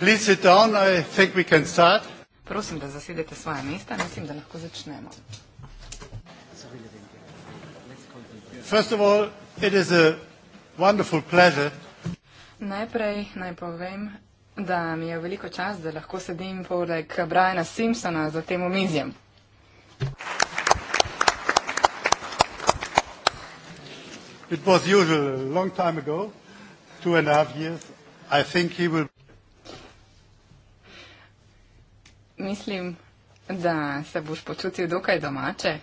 Please sit down. I think we can start. Prosim, da zasedete svoje mesta. Mislim, da lahko začnemo. First of all, it is a wonderful pleasure. Najprej naj povem, da mi je veliko čas, da lahko sedim poleg Briana Simpsona za tem omizjem. It was usual a long time ago, two and a half years. I think he will. mislim, da se boš počutil dokaj domače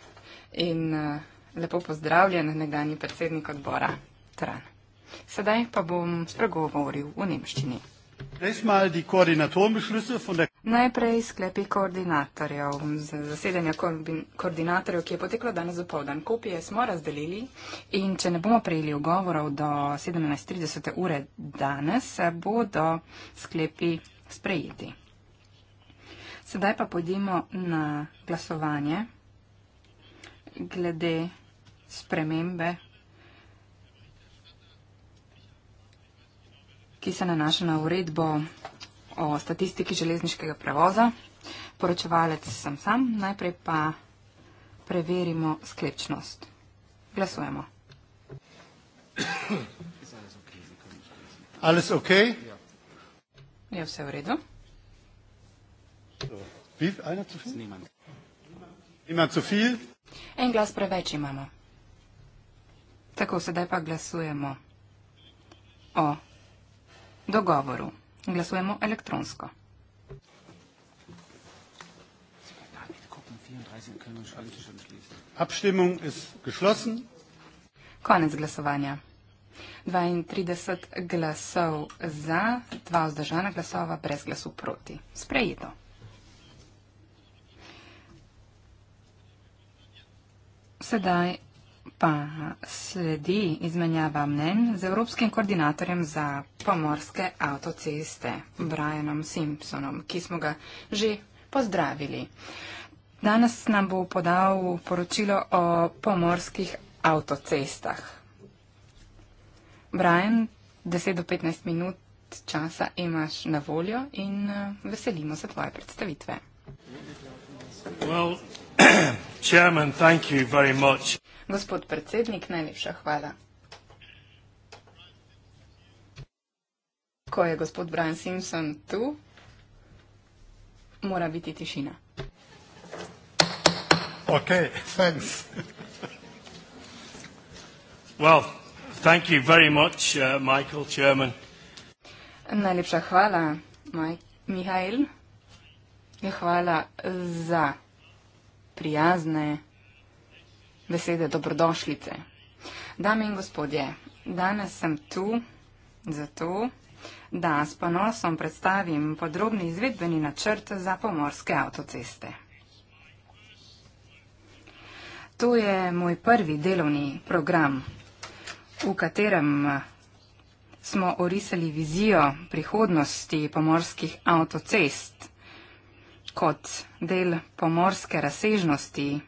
in eh, lepo pozdravljen nekdani predsednik odbora Tran. Sedaj pa bom spregovoril v nemščini. Najprej sklepi koordinatorjev. Z zasedanja koordinatorjev, ki je poteklo danes zapovdan, kopije smo razdelili in če ne bomo prejeli ogovorov do 17.30 ure danes, se bodo sklepi sprejeti. Sedaj pa pojdimo na glasovanje glede spremembe, ki se nanaša na uredbo o statistiki železniškega prevoza. Poročevalec sem sam, najprej pa preverimo sklepčnost. Glasujemo. Ali je vse v redu? Je vse v redu. Ena zu viel? Niemand. Niemand zu viel? En glas preveč imamo. Tako, sedaj pa glasujemo o dogovoru. Glasujemo elektronsko. Abstimmung ist geschlossen. Konec glasovanja. 32 glasov za, 2 vzdržana glasova brez glasu proti. Sprejeto. Sedaj pa sledi izmenjava mnen z evropskim koordinatorjem za pomorske avtoceste, Brianom Simpsonom, ki smo ga že pozdravili. Danes nam bo podal poročilo o pomorskih avtocestah. Brian, 10 do 15 minut časa imaš na voljo in eh, veselimo se tvoje predstavitve. Well, Chairman, thank you very much. Gospod predsednik, najlepša hvala. Ko je gospod Brian Simpson tu, mora biti tišina. Ok, thanks. Well, thank you very much, uh, Michael, chairman. Najlepša hvala, Mihajl. Hvala za prijazne besede dobrodošlice. Dame in gospodje, danes sem tu zato, da s ponosom predstavim podrobni izvedbeni načrt za pomorske avtoceste. To je moj prvi delovni program, v katerem smo orisali vizijo prihodnosti pomorskih avtocest kot del pomorske razsežnosti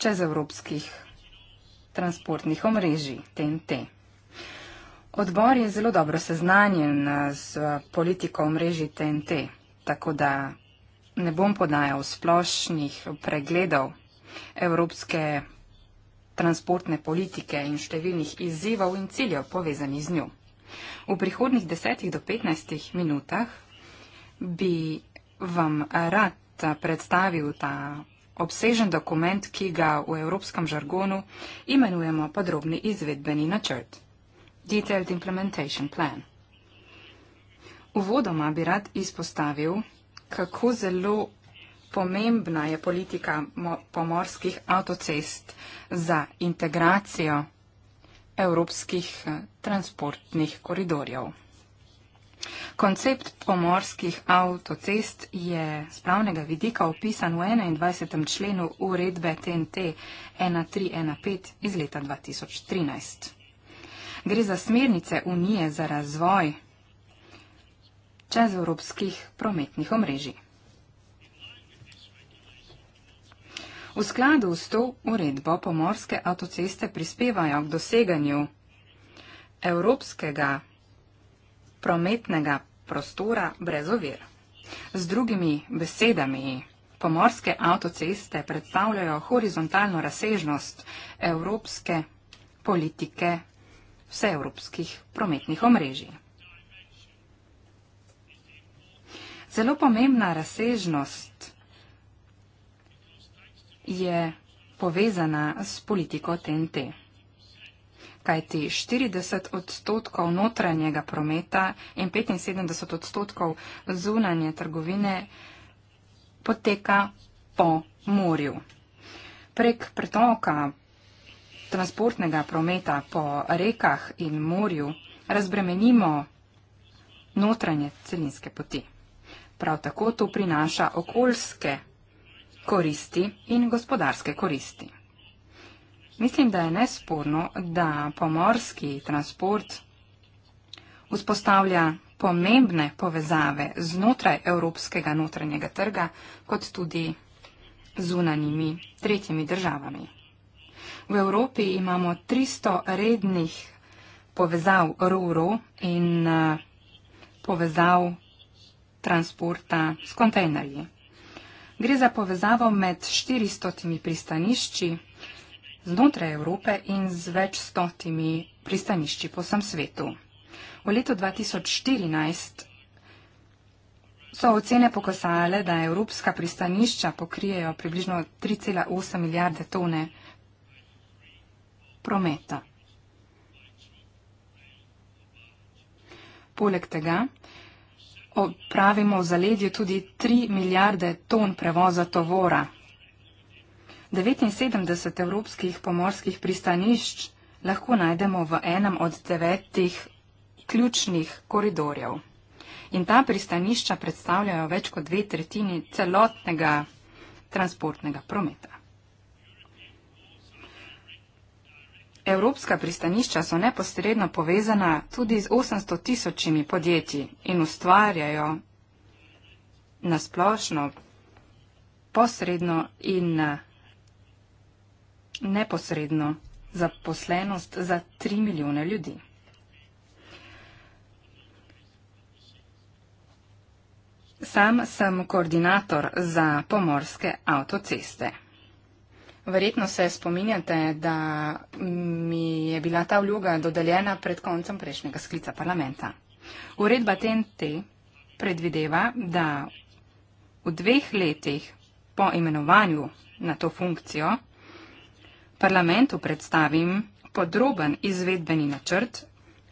čez evropskih transportnih omrežij TNT. Odbor je zelo dobro seznanjen z politiko omrežij TNT, tako da ne bom podajal splošnih pregledov evropske transportne politike in številnih izzivov in ciljev povezanih z njo. V prihodnih 10 do 15 minutah bi vam rad predstavil ta obsežen dokument, ki ga v evropskem žargonu imenujemo podrobni izvedbeni načrt. Detailed Implementation Plan. Uvodoma bi rad izpostavil, kako zelo pomembna je politika pomorskih avtocest za integracijo evropskih eh, transportnih koridorjev. Koncept pomorskih avtocest je z pravnega vidika opisan v 21. členu uredbe TNT 1315 iz leta 2013. Gre za smernice Unije za razvoj čez evropskih prometnih omrežij. V skladu s to uredbo pomorske avtoceste prispevajo k doseganju evropskega prometnega prostora brez ovir. Z drugimi besedami, pomorske avtoceste predstavljajo horizontalno razsežnost evropske politike vseevropskih prometnih omrežij. Zelo pomembna razsežnost je povezana s politiko TNT kajti 40 odstotkov notranjega prometa in 75 odstotkov zunanje trgovine poteka po morju. Prek pretoka transportnega prometa po rekah in morju razbremenimo notranje celinske poti. Prav tako to prinaša okoljske koristi in gospodarske koristi. Mislim, da je nesporno, da pomorski transport vzpostavlja pomembne povezave znotraj evropskega notranjega trga, kot tudi zunanimi tretjimi državami. V Evropi imamo 300 rednih povezav RURO in eh, povezav transporta s kontejnerji. Gre za povezavo med 400 pristanišči znotraj Evrope in z več stotimi pristanišči po vsem svetu. V letu 2014 so ocene pokazale, da evropska pristanišča pokrijejo približno 3,8 milijarde tone prometa. Poleg tega pravimo v zaledju tudi 3 milijarde ton prevoza tovora 79 evropskih pomorskih pristanišč lahko najdemo v enem od devetih ključnih koridorjev. In ta pristanišča predstavljajo več kot dve tretjini celotnega transportnega prometa. Evropska pristanišča so neposredno povezana tudi z 800 tisočimi podjetji in ustvarjajo nasplošno posredno in na neposredno zaposlenost za 3 milijone ljudi. Sam sem koordinator za pomorske avtoceste. Verjetno se spominjate, da mi je bila ta vljuga dodeljena pred koncem prejšnjega sklica parlamenta. Uredba TNT predvideva, da v dveh letih po imenovanju na to funkcijo Parlamentu predstavim podroben izvedbeni načrt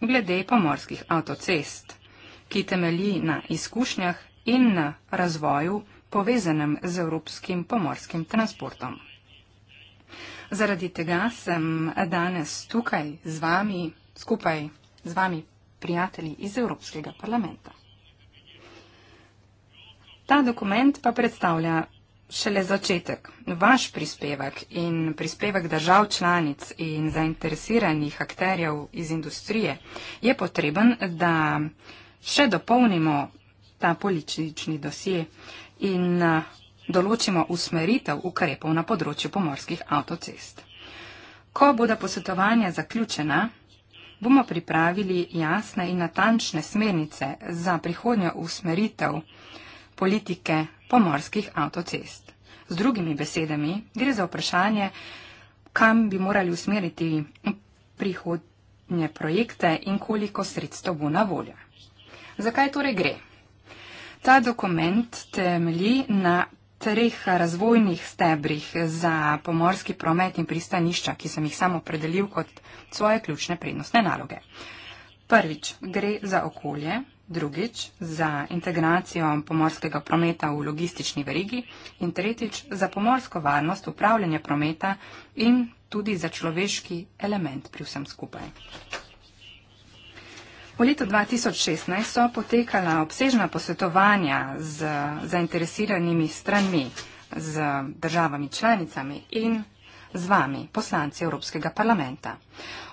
glede pomorskih avtocest, ki temelji na izkušnjah in na razvoju povezanem z evropskim pomorskim transportom. Zaradi tega sem danes tukaj z vami, skupaj z vami, prijatelji iz Evropskega parlamenta. Ta dokument pa predstavlja šele začetek. Vaš prispevek in prispevek držav članic in zainteresiranih akterjev iz industrije je potreben, da še dopolnimo ta politični dosje in eh, določimo usmeritev ukrepov na področju pomorskih avtocest. Ko bodo posvetovanja zaključena, bomo pripravili jasne in natančne smernice za prihodnjo usmeritev politike pomorskih avtocest. Z drugimi besedami gre za vprašanje, kam bi morali usmeriti prihodnje projekte in koliko sredstev bo na voljo. Zakaj torej gre? Ta dokument temelji na treh razvojnih stebrih za pomorski promet in pristanišča, ki sem jih samo opredelil kot svoje ključne prednostne naloge. Prvič, gre za okolje, drugič za integracijo pomorskega prometa v logistični verigi in tretjič za pomorsko varnost upravljanja prometa in tudi za človeški element pri vsem skupaj. V letu 2016 so potekala obsežna posvetovanja z zainteresiranimi stranmi, z državami članicami in z vami, poslanci Evropskega parlamenta.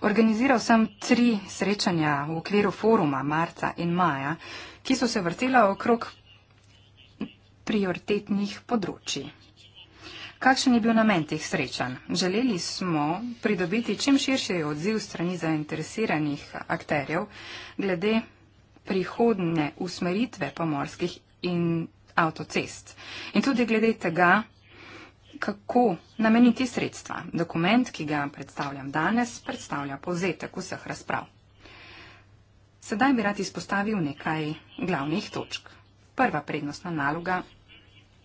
Organiziral sem tri srečanja v okviru foruma marca in maja, ki so se vrtela okrog prioritetnih področji. Kakšen je bil namen teh srečanj? Želeli smo pridobiti čim širši odziv strani zainteresiranih akterjev glede prihodne usmeritve pomorskih in avtocest. In tudi glede tega, kako nameniti sredstva. Dokument, ki ga predstavljam danes, predstavlja povzetek vseh razprav. Sedaj bi rad izpostavil nekaj glavnih točk. Prva prednostna naloga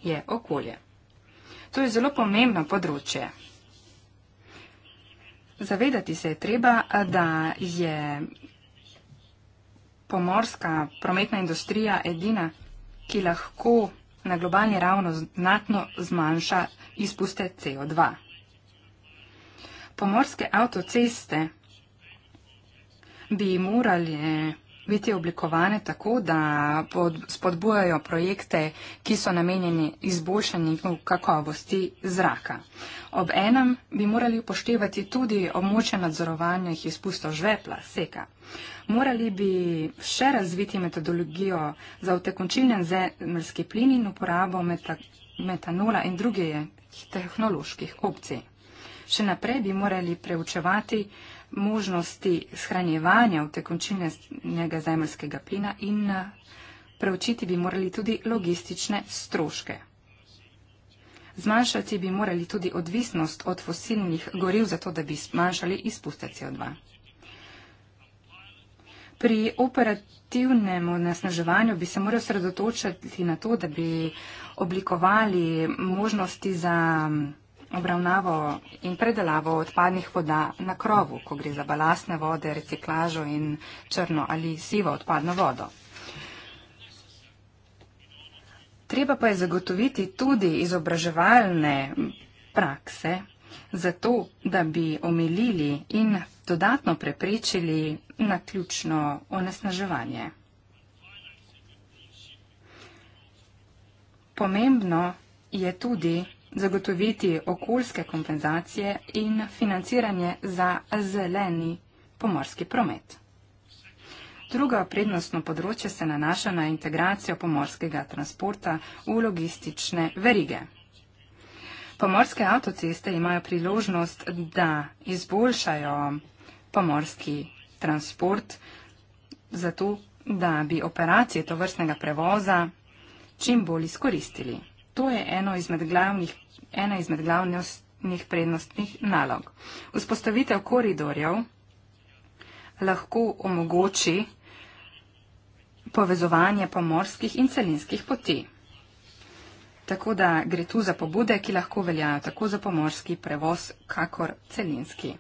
je okolje. To je zelo pomembno področje. Zavedati se je treba, da je pomorska prometna industrija edina, ki lahko na globalni ravno znatno zmanjša izpuste CO2. Pomorske avtoceste bi morali biti oblikovane tako, da spodbujajo projekte, ki so namenjeni izboljšanju kakovosti zraka. Ob enem bi morali upoštevati tudi območje nadzorovanja izpustov žvepla, seka. Morali bi še razviti metodologijo za utekončilne zemljske plini in uporabo metanola in druge tehnoloških opcij. Še naprej bi morali preučevati možnosti shranjevanja utekočinjenega zemljskega plina in eh, preučiti bi morali tudi logistične stroške. Zmanjšati bi morali tudi odvisnost od fosilnih goriv, zato da bi zmanjšali izpuste CO2. Pri operativnem nasnaževanju bi se morali sredotočati na to, da bi oblikovali možnosti za obravnavo in predelavo odpadnih voda na krovu, ko gre za balastne vode, reciklažo in črno ali sivo odpadno vodo. Treba pa je zagotoviti tudi izobraževalne prakse, zato da bi omilili in dodatno preprečili naključno onesnaževanje. Pomembno je tudi zagotoviti okoljske kompenzacije in financiranje za zeleni pomorski promet. Drugo prednostno področje se nanaša na integracijo pomorskega transporta v logistične verige. Pomorske avtoceste imajo priložnost, da izboljšajo pomorski transport zato, da bi operacije tovrstnega prevoza čim bolj izkoristili. To je eno izmed glavnih, ena izmed glavnih prednostnih nalog. Vzpostavitev koridorjev lahko omogoči povezovanje pomorskih in celinskih poti. Tako da gre tu za pobude, ki lahko veljajo tako za pomorski prevoz, kakor celinski.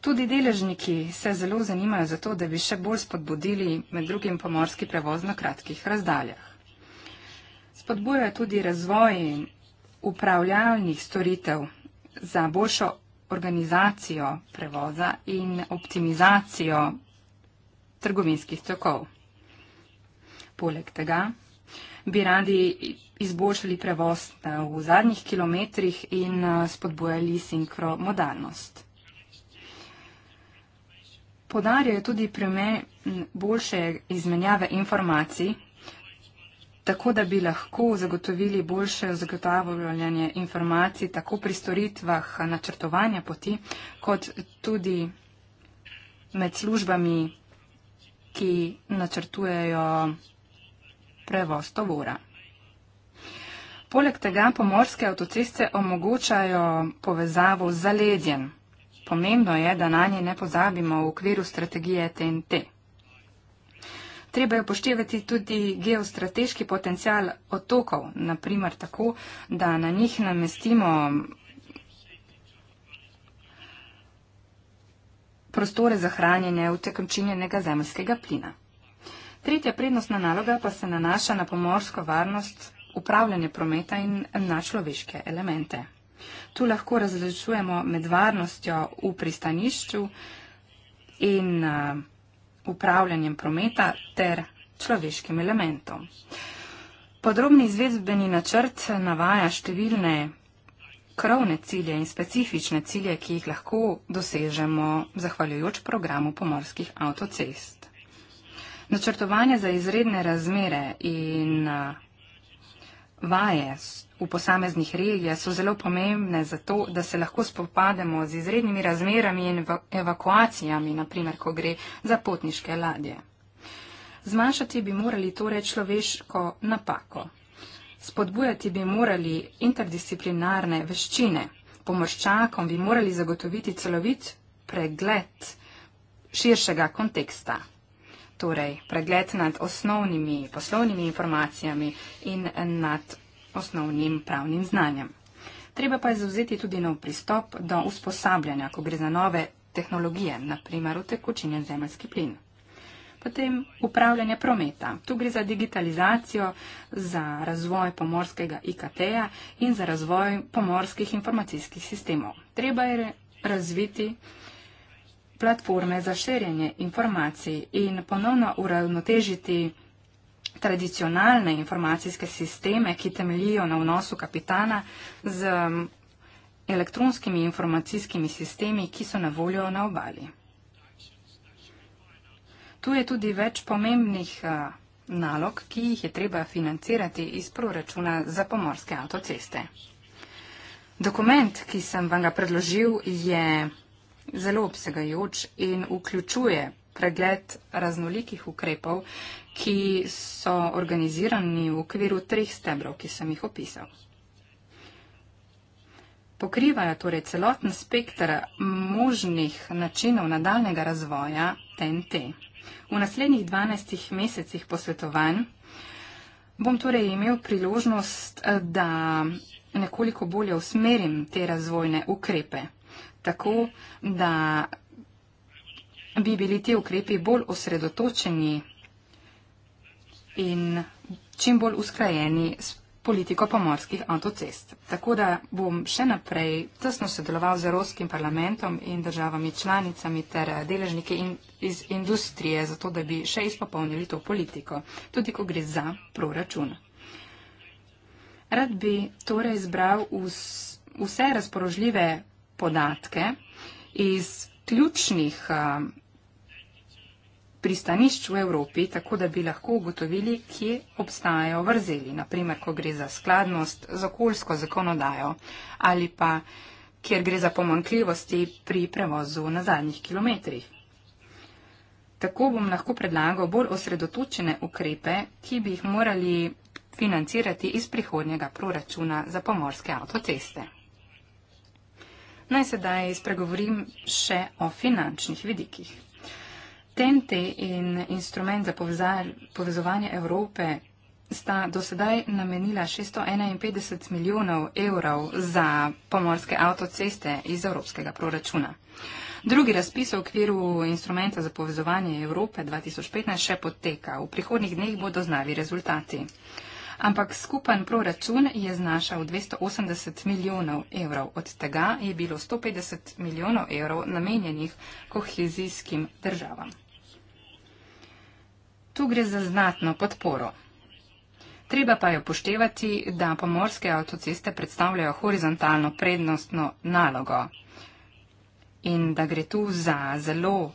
Tudi deležniki se zelo zanimajo za to, da bi še bolj spodbudili med drugim pomorski prevoz na kratkih razdaljah spodbuja tudi razvoj upravljalnih storitev za boljšo organizacijo prevoza in optimizacijo trgovinskih tokov. Poleg tega bi radi izboljšali prevoz v zadnjih kilometrih in eh, spodbujali sinkromodalnost. Podarjajo tudi primer boljše izmenjave informacij tako da bi lahko zagotovili boljše zagotavljanje informacij tako pri storitvah načrtovanja poti, kot tudi med službami, ki načrtujejo prevoz tovora. Poleg tega pomorske avtoceste omogočajo povezavo z zaledjem. Pomembno je, da na nje ne pozabimo v okviru strategije TNT. Treba je upoštevati tudi geostrateški potencial otokov, naprimer tako, da na njih namestimo prostore za hranjenje utekočinjenega zemljskega plina. Tretja prednostna naloga pa se nanaša na pomorsko varnost, upravljanje prometa in na človeške elemente. Tu lahko razlišujemo med varnostjo v pristanišču in uh, upravljanjem prometa ter človeškim elementom. Podrobni izvedbeni načrt navaja številne krovne cilje in specifične cilje, ki jih lahko dosežemo zahvaljujoč programu pomorskih avtocest. Načrtovanje za izredne razmere in Vaje v posameznih regijah so zelo pomembne zato, da se lahko spopademo z izrednimi razmerami in evakuacijami, naprimer, ko gre za potniške ladje. Zmanjšati bi morali torej človeško napako. Spodbujati bi morali interdisciplinarne veščine. Pomoščakom bi morali zagotoviti celovit pregled širšega konteksta. Torej, pregled nad osnovnimi poslovnimi informacijami in nad osnovnim pravnim znanjem. Treba pa je zauzeti tudi nov pristop do usposabljanja, ko gre za nove tehnologije, naprimer v tekočinjen zemljski plin. Potem upravljanje prometa. Tu gre za digitalizacijo, za razvoj pomorskega IKT-ja in za razvoj pomorskih informacijskih sistemov. Treba je razviti platforme za širjenje informacij in ponovno uravnotežiti tradicionalne informacijske sisteme, ki temeljijo na vnosu kapitana z mm, elektronskimi informacijskimi sistemi, ki so na voljo na obali. Tu je tudi več pomembnih eh, nalog, ki jih je treba financirati iz proračuna za pomorske avtoceste. Dokument, ki sem vam ga predložil, je zelo obsegajoč in vključuje pregled raznolikih ukrepov, ki so organizirani v okviru treh stebrov, ki sem jih opisal. Pokrivajo torej celoten spektr možnih načinov nadaljnega razvoja TNT. V naslednjih 12 mesecih posvetovanj bom torej imel priložnost, da nekoliko bolje usmerim te razvojne ukrepe tako, da bi bili ti ukrepi bolj osredotočeni in čim bolj usklajeni s politiko pomorskih avtocest. Tako da bom še naprej tesno sodeloval z Evropskim parlamentom in državami članicami ter deležniki in, iz industrije, zato da bi še izpopolnili to politiko, tudi ko gre za proračun. Rad bi torej izbral vse razpoložljive podatke iz ključnih pristanišč v Evropi, tako da bi lahko ugotovili, kje obstajajo vrzeli, naprimer, ko gre za skladnost z okoljsko zakonodajo ali pa kjer gre za pomankljivosti pri prevozu na zadnjih kilometrih. Tako bom lahko predlagal bolj osredotočene ukrepe, ki bi jih morali financirati iz prihodnjega proračuna za pomorske avtoceste. Naj sedaj spregovorim še o finančnih vidikih. TNT in instrument za povezovanje Evrope sta do sedaj namenila 651 milijonov evrov za pomorske avtoceste iz evropskega proračuna. Drugi razpis v okviru instrumenta za povezovanje Evrope 2015 še poteka. V prihodnih dneh bodo znani rezultati ampak skupen proračun je znašal 280 milijonov evrov. Od tega je bilo 150 milijonov evrov namenjenih kohezijskim državam. Tu gre za znatno podporo. Treba pa je upoštevati, da pomorske avtoceste predstavljajo horizontalno prednostno nalogo in da gre tu za zelo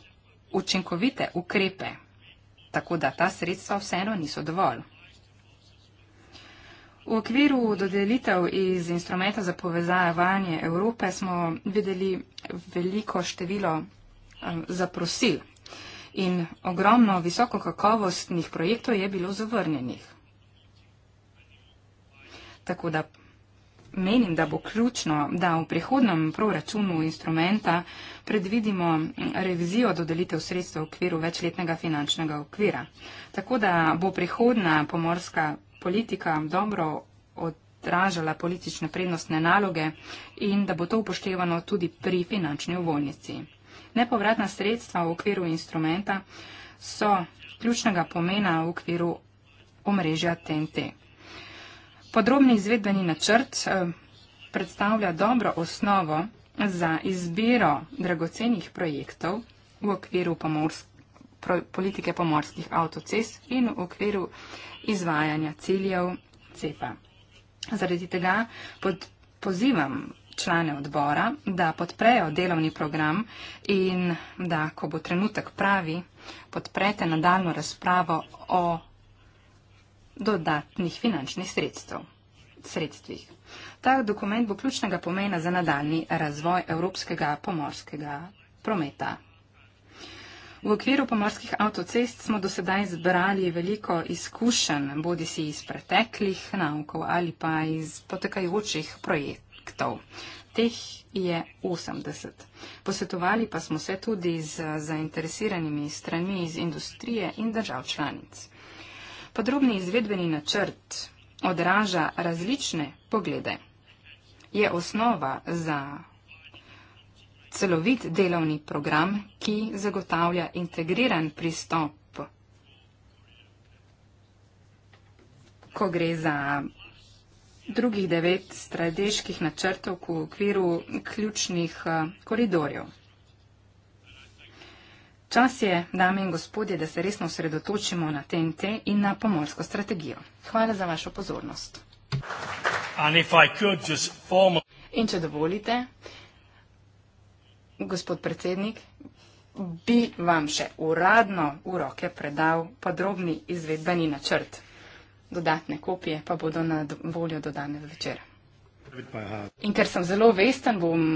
učinkovite ukrepe, tako da ta sredstva vseeno niso dovolj. V okviru dodelitev iz instrumenta za povezavanje Evrope smo videli veliko število eh, zaprosil in ogromno visoko kakovostnih projektov je bilo zavrnjenih. Tako da menim, da bo ključno, da v prihodnem proračunu instrumenta predvidimo mm, revizijo dodelitev sredstev v okviru večletnega finančnega okvira. Tako da bo prihodna pomorska politika dobro odražala politične prednostne naloge in da bo to upoštevano tudi pri finančni uvoljnici. Nepovratna sredstva v okviru instrumenta so ključnega pomena v okviru omrežja TNT. Podrobni izvedbeni načrt eh, predstavlja dobro osnovo za izbiro dragocenih projektov v okviru pomorskega politike pomorskih avtocest in v okviru izvajanja ciljev CEPA. Zaradi tega pod, pozivam člane odbora, da podprejo delovni program in da, ko bo trenutek pravi, podprete nadaljno razpravo o dodatnih finančnih sredstv, sredstvih. Ta dokument bo ključnega pomena za nadaljni razvoj evropskega pomorskega prometa. V okviru pomorskih avtocest smo do sedaj zbrali veliko izkušenj, bodi si iz preteklih naukov ali pa iz potekajočih projektov. Teh je 80. Posvetovali pa smo se tudi z zainteresiranimi strani iz industrije in držav članic. Podrobni izvedbeni načrt odraža različne poglede. Je osnova za celovit delovni program, ki zagotavlja integriran pristop. Ko gre za drugih devet strateških načrtov v okviru ključnih eh, koridorjev. Čas je, dame in gospodje, da se resno osredotočimo na TNT in na pomorsko strategijo. Hvala za vašo pozornost. In če dovolite, gospod predsednik, bi vam še uradno v roke predal podrobni izvedbeni načrt. Dodatne kopije pa bodo na voljo do danes večer. In ker sem zelo vesten, bom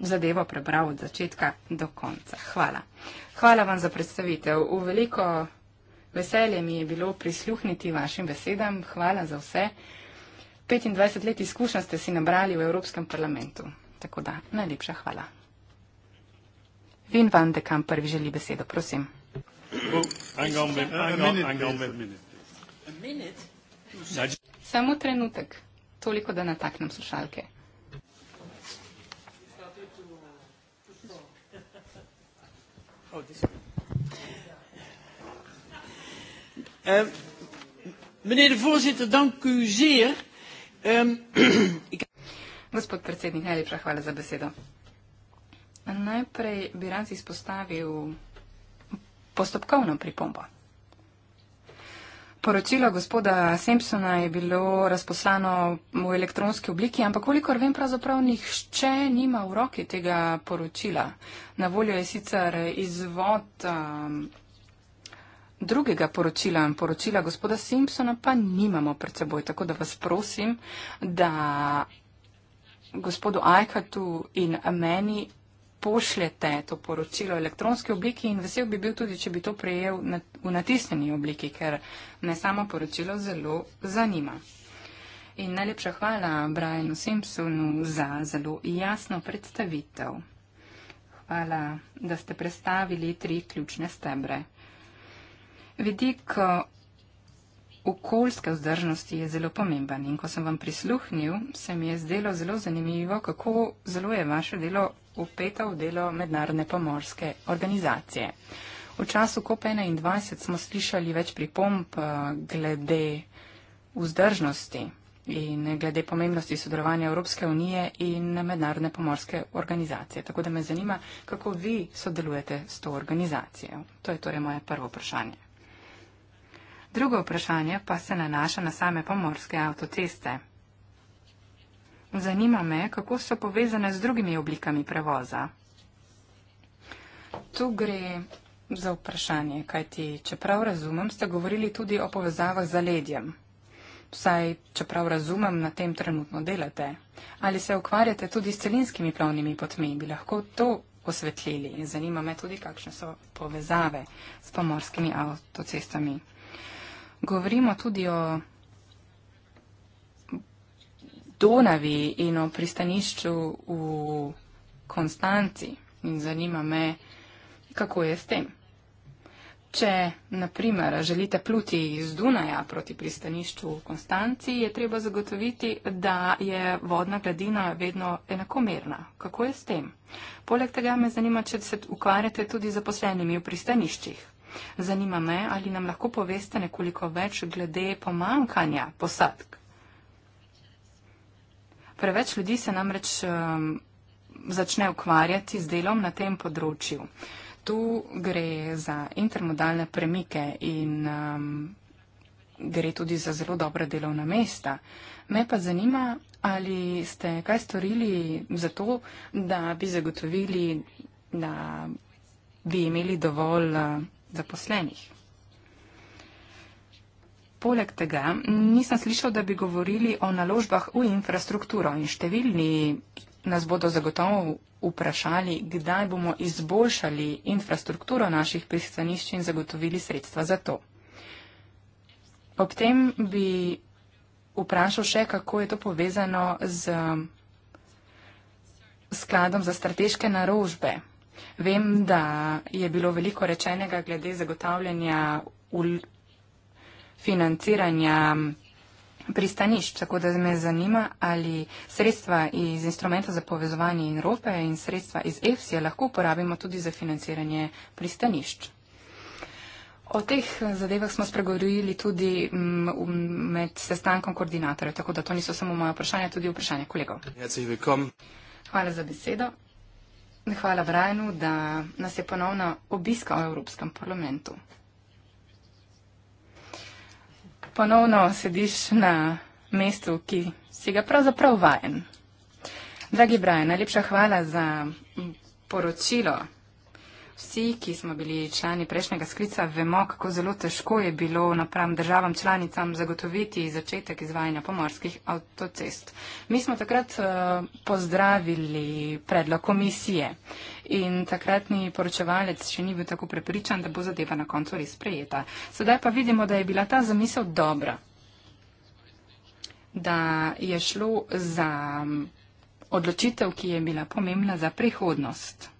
zadevo prebral od začetka do konca. Hvala. Hvala vam za predstavitev. V veliko veselje mi je bilo prisluhniti vašim besedam. Hvala za vse. 25 let izkušenj ste si nabrali v Evropskem parlamentu. Tako da najlepša hvala. Vin van de Kamp prvi želi besedo, prosim. Samo trenutek, toliko da nataknem slušalke. Uh, meneer de voorzitter, dank u zeer. Um, Gospod predsednik, najlepša hvala za besedo. Najprej bi rad izpostavil postopkovno pripombo. Poročilo gospoda Simpsona je bilo razposlano v elektronski obliki, ampak kolikor vem, pravzaprav nihče nima v roki tega poročila. Na voljo je sicer izvod um, drugega poročila, poročila gospoda Simpsona pa nimamo pred seboj. Tako da vas prosim, da gospodu Ajkatu in meni pošljete to poročilo v elektronski obliki in vesel bi bil tudi, če bi to prejel v natisnjeni obliki, ker me samo poročilo zelo zanima. In najlepša hvala Brianu Simpsonu za zelo jasno predstavitev. Hvala, da ste predstavili tri ključne stebre. Vidik eh, okoljske vzdržnosti je zelo pomemben in ko sem vam prisluhnil, se mi je zdelo zelo zanimivo, kako zelo je vaše delo upeta v delo mednarodne pomorske organizacije. V času COP21 smo slišali več pripomp eh, glede vzdržnosti in glede pomembnosti sodelovanja Evropske unije in mednarodne pomorske organizacije. Tako da me zanima, kako vi sodelujete s to organizacijo. To je torej moje prvo vprašanje. Drugo vprašanje pa se nanaša na same pomorske avtoceste. Zanima me, kako so povezane z drugimi oblikami prevoza. Tu gre za vprašanje, kajti, čeprav razumem, ste govorili tudi o povezavah z zaledjem. Vsaj, čeprav razumem, na tem trenutno delate. Ali se ukvarjate tudi s celinskimi plovnimi potmi, bi lahko to osvetlili. Zanima me tudi, kakšne so povezave s pomorskimi avtocestami. Govorimo tudi o Donavi in o pristanišču v Konstanci in zanima me, kako je s tem. Če, naprimer, želite pluti iz Dunaja proti pristanišču v Konstanci, je treba zagotoviti, da je vodna gladina vedno enakomerna. Kako je s tem? Poleg tega me zanima, če se ukvarjate tudi z zaposlenimi v pristaniščih. Zanima me, ali nam lahko poveste nekoliko več glede pomankanja posadk. Preveč ljudi se namreč um, začne ukvarjati z delom na tem področju. Tu gre za intermodalne premike in um, gre tudi za zelo dobra delovna mesta. Me pa zanima, ali ste kaj storili za to, da bi zagotovili, da bi imeli dovolj uh, zaposlenih. Poleg tega nisem slišal, da bi govorili o naložbah v infrastrukturo in številni nas bodo zagotovo vprašali, kdaj bomo izboljšali infrastrukturo naših pristanišč in zagotovili sredstva za to. Ob tem bi vprašal še, kako je to povezano z skladom za strateške narožbe. Vem, da je bilo veliko rečenega glede zagotavljanja financiranja pristanišč. Tako da me zanima, ali sredstva iz instrumenta za povezovanje in rope in sredstva iz EFSI lahko uporabimo tudi za financiranje pristanišč. O teh zadevah smo spregovorili tudi mm, um, med sestankom koordinatorjev, tako da to niso samo moje vprašanje, tudi vprašanje kolegov. Hvala za besedo. Hvala Brajnu, da nas je ponovno obiskal v Evropskem parlamentu ponovno sediš na mestu, ki si ga pravzaprav vajen. Dragi Brian, najlepša hvala za poročilo, Vsi, ki smo bili člani prejšnjega sklica, vemo, kako zelo težko je bilo napram državam članicam zagotoviti začetek izvajanja pomorskih avtocest. Mi smo takrat uh, pozdravili predlog komisije in takratni poročevalec še ni bil tako prepričan, da bo zadeva na koncu res sprejeta. Sedaj pa vidimo, da je bila ta zamisel dobra, da je šlo za odločitev, ki je bila pomembna za prihodnost.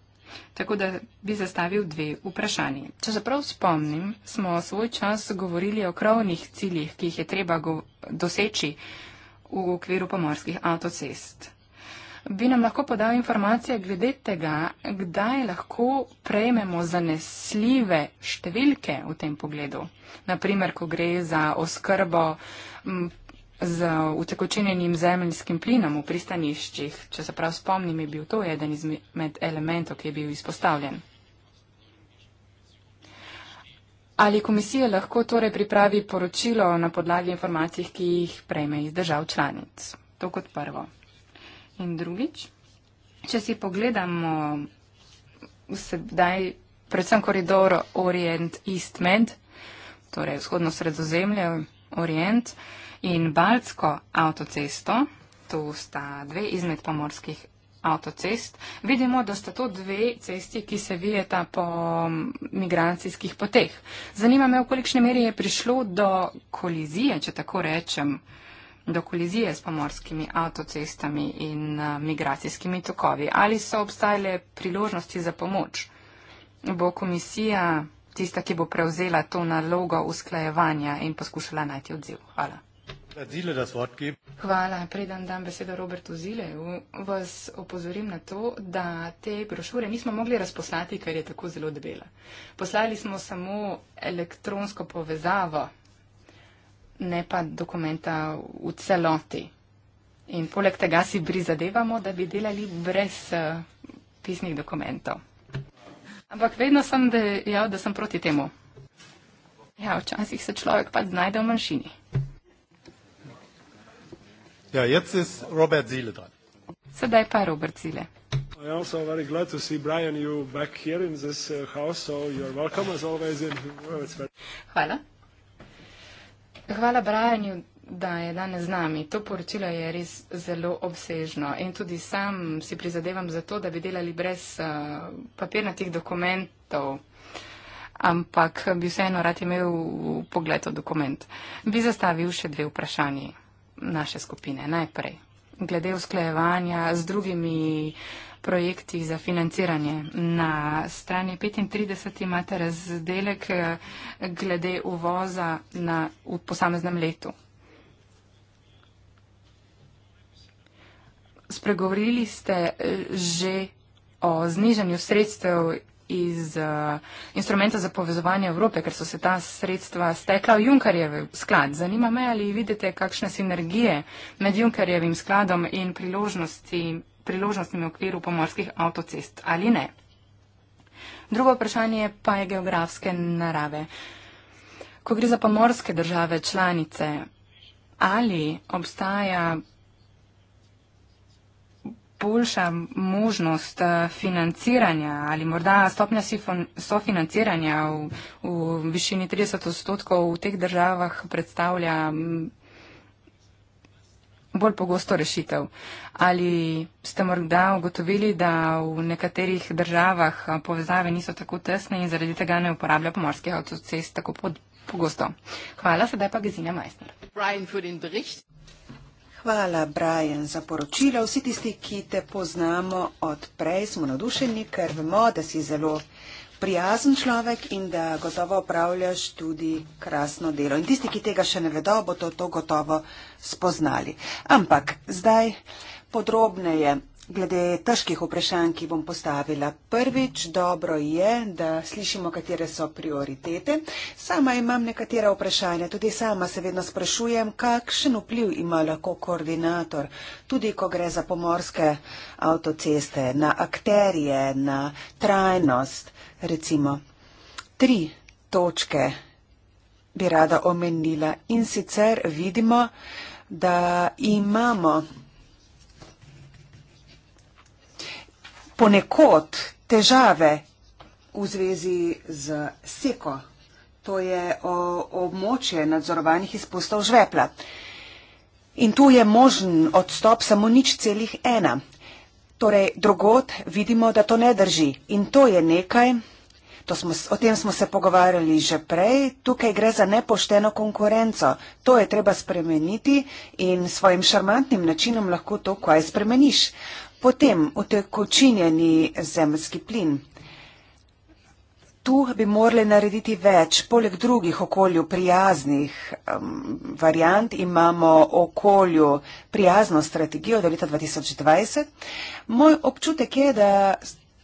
Tako da bi zastavil dve vprašanji. Če se prav spomnim, smo svoj čas govorili o krovnih ciljih, ki jih je treba doseči v okviru pomorskih avtocest. Bi nam lahko podal informacije glede tega, kdaj lahko prejmemo zanesljive številke v tem pogledu? Naprimer, ko gre za oskrbo z utekočenjenim zemljskim plinom v pristaniščih, če se prav spomnim, je bil to eden izmed elementov, ki je bil izpostavljen. Ali komisija lahko torej pripravi poročilo na podlagi informacij, ki jih prejme iz držav članic? To kot prvo. In drugič, če si pogledamo sedaj predvsem koridor Orient-East-Med, torej vzhodno sredozemlje, Orient, -East -Med, torej vzhodno in Balsko avtocesto, tu sta dve izmed pomorskih avtocest, vidimo, da sta to dve cesti, ki se vijeta po migracijskih poteh. Zanima me, v kolikšne meri je prišlo do kolizije, če tako rečem, do kolizije s pomorskimi avtocestami in migracijskimi tokovi. Ali so obstajale priložnosti za pomoč? Bo komisija tista, ki bo prevzela to nalogo usklajevanja in poskušala najti odziv? Hvala. Hvala. Preden dam besedo Robertu Zileju, vas opozorim na to, da te brošure nismo mogli razposlati, ker je tako zelo debela. Poslali smo samo elektronsko povezavo, ne pa dokumenta v celoti. In poleg tega si prizadevamo, da bi delali brez uh, pisnih dokumentov. Ampak vedno sem dejal, da sem proti temu. Ja, včasih se človek pa znajde v manjšini. Ja, jetzt ist Robert Ziele dran. Sedaj pa Robert Ziele. I'm also very glad to see Brian you back here in this uh, house, so you're welcome as always in Hvala. Hvala Brianju, da je danes z nami. To poročilo je res zelo obsežno in tudi sam si prizadevam za to, da bi delali brez uh, papirnatih dokumentov, ampak bi vseeno rad imel pogled v dokument. Bi zastavil še dve vprašanje naše skupine najprej. Glede usklajevanja z drugimi projekti za financiranje. Na strani 35 imate razdelek eh, glede uvoza na, v posameznem letu. Spregovorili ste eh, že o znižanju sredstev iz uh, instrumenta za povezovanje Evrope, ker so se ta sredstva stekla v Junkarjev sklad. Zanima me, ali vidite kakšne sinergije med Junkarjevim skladom in priložnostmi v okviru pomorskih avtocest ali ne. Drugo vprašanje pa je geografske narave. Ko gre za pomorske države članice, ali obstaja boljša možnost eh, financiranja ali morda stopnja sofinanciranja v, v višini 30 odstotkov v teh državah predstavlja mm, bolj pogosto rešitev. Ali ste morda ugotovili, da v nekaterih državah eh, povezave niso tako tesne in zaradi tega ne uporablja pomorskih avtocest tako pogosto? Hvala, sedaj pa Gezina Meissner. Hvala, Brian, za poročilo. Vsi tisti, ki te poznamo odprej, smo navdušeni, ker vemo, da si zelo prijazen človek in da gotovo opravljaš tudi krasno delo. In tisti, ki tega še ne vedo, bo to, to gotovo spoznali. Ampak zdaj podrobneje glede težkih vprašanj, ki bom postavila. Prvič, dobro je, da slišimo, katere so prioritete. Sama imam nekatera vprašanja. Tudi sama se vedno sprašujem, kakšen vpliv ima lahko koordinator, tudi ko gre za pomorske avtoceste, na akterije, na trajnost. Recimo, tri točke bi rada omenila in sicer vidimo, da imamo ponekod težave v zvezi z seko. To je o, območje nadzorovanih izpustov žvepla. In tu je možen odstop samo nič celih ena. Torej, drugot vidimo, da to ne drži. In to je nekaj, to smo, o tem smo se pogovarjali že prej, tukaj gre za nepošteno konkurenco. To je treba spremeniti in s svojim šarmantnim načinom lahko to, kaj spremeniš. Potem otekočinjeni zemljski plin. Tu bi morali narediti več. Poleg drugih okolju prijaznih um, variant imamo okolju prijazno strategijo do leta 2020. Moj občutek je, da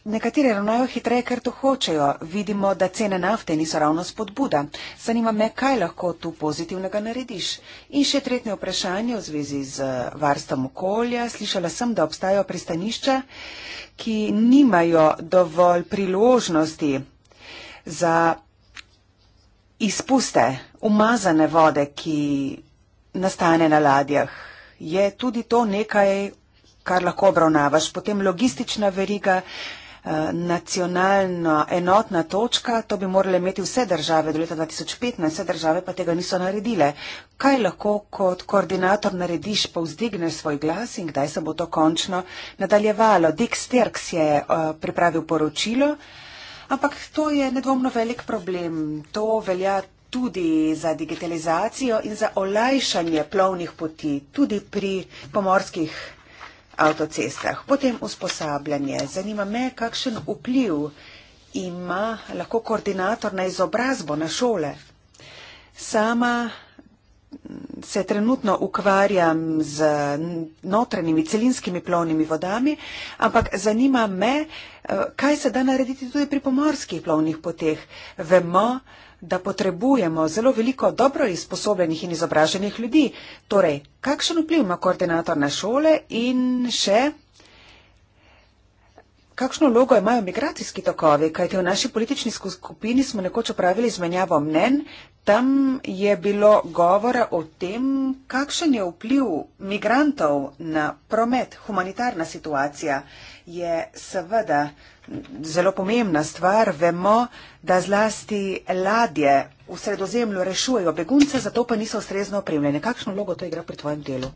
Nekateri ravnajo hitreje, ker to hočejo. Vidimo, da cene nafte niso ravno spodbuda. Zanima me, kaj lahko tu pozitivnega narediš. In še tretje vprašanje v zvezi z eh, varstvom okolja. Slišala sem, da obstajajo pristanišča, ki nimajo dovolj priložnosti za izpuste umazane vode, ki nastane na ladjah. Je tudi to nekaj, kar lahko obravnavaš. Potem logistična veriga, Eh, nacionalna enotna točka, to bi morale imeti vse države do leta 2015, vse države pa tega niso naredile. Kaj lahko kot koordinator narediš, pa vzdigneš svoj glas in kdaj se bo to končno nadaljevalo? Dick Sterks je uh, pripravil poročilo, ampak to je nedvomno velik problem. To velja tudi za digitalizacijo in za olajšanje plovnih poti, tudi pri pomorskih avtocestah. Potem usposabljanje. Zanima me, kakšen vpliv ima lahko koordinator na izobrazbo, na šole. Sama se trenutno ukvarjam z notranjimi celinskimi plovnimi vodami, ampak zanima me, eh, kaj se da narediti tudi pri pomorskih plovnih poteh. Vemo, da potrebujemo zelo veliko dobro izposobljenih in izobraženih ljudi. Torej, kakšen vpliv ima koordinator na šole in še Kakšno vlogo imajo migracijski tokovi? Kajte v naši politični skupini smo nekoč upravili izmenjavo mnen, tam je bilo govora o tem, kakšen je vpliv migrantov na promet, humanitarna situacija je seveda zelo pomembna stvar. Vemo, da zlasti ladje v sredozemlju rešujejo begunce, zato pa niso ustrezno opremljene. Kakšno vlogo to igra pri tvojem delu?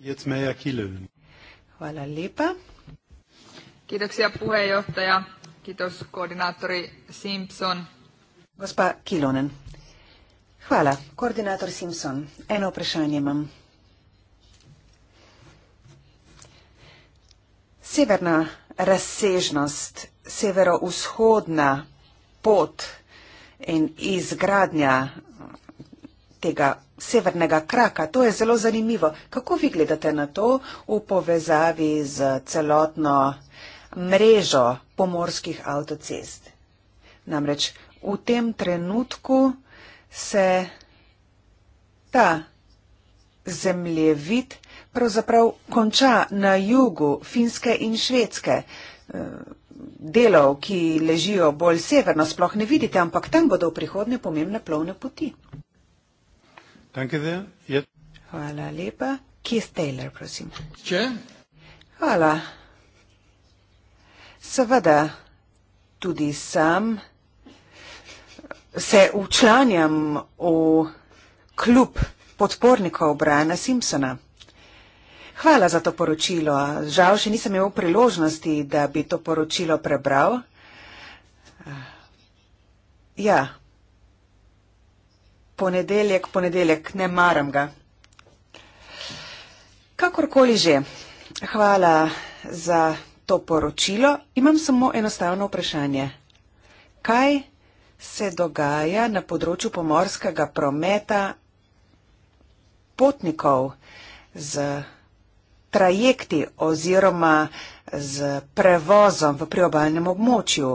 Hvala lepa. Kiitoksia puheenjohtaja. Kiitos koordinaattori Simpson. Gospa Kilonen. Hvala, koordinaator Simpson. Eno vprašanje imam. Severna razsežnost, severovzhodna pot in izgradnja tega severnega kraka, to je zelo zanimivo. Kako vi gledate na to v povezavi z celotno mrežo pomorskih avtocest. Namreč v tem trenutku se ta zemljevid pravzaprav konča na jugu Finske in Švedske. Eh, delov, ki ležijo bolj severno, sploh ne vidite, ampak tam bodo v prihodnje pomembne plovne poti. Hvala lepa. Keith Taylor, prosim. Če? Hvala. Seveda, tudi sam se učlanjam v klub podpornikov Briana Simpsona. Hvala za to poročilo. Žal še nisem imel priložnosti, da bi to poročilo prebral. Ja, ponedeljek, ponedeljek, ne maram ga. Kakorkoli že, hvala za to poročilo, imam samo enostavno vprašanje. Kaj se dogaja na področju pomorskega prometa potnikov z trajekti oziroma z prevozom v priobalnem območju?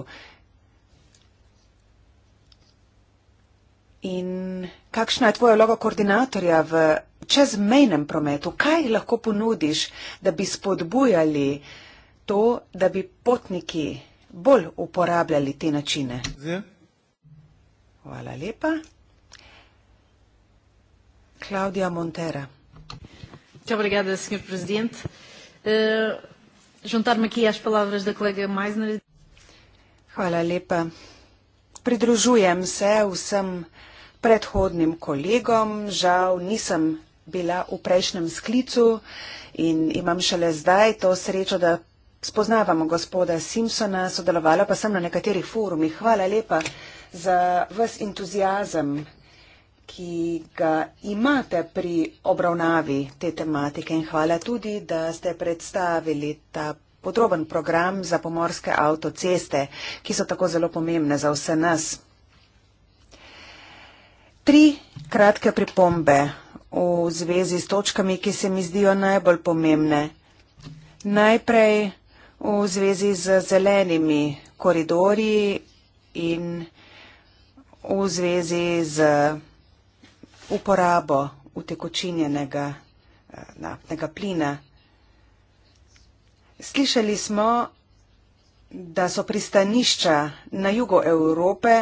In kakšna je tvoja vloga koordinatorja v čezmejnem prometu? Kaj lahko ponudiš, da bi spodbujali uh, to, da bi potniki bolj uporabljali te načine? Hvala lepa. Klaudija Montera. Obrigada, senhor presidente. Uh, juntar-me aqui às palavras da colega Meisner. Hvala lepa. Pridružujem se vsem predhodnim kolegom. Žal nisem bila v prejšnjem sklicu in imam šele zdaj to srečo, da spoznavamo gospoda Simpsona, sodelovala pa sem na nekaterih forumih. Hvala lepa za vas entuzijazem, ki ga imate pri obravnavi te tematike in hvala tudi, da ste predstavili ta podroben program za pomorske avtoceste, ki so tako zelo pomembne za vse nas. Tri kratke pripombe v zvezi s točkami, ki se mi zdijo najbolj pomembne. Najprej v zvezi z zelenimi koridori in v zvezi z uporabo utekočinjenega eh, naftnega plina. Slišali smo, da so pristanišča na jugu Evrope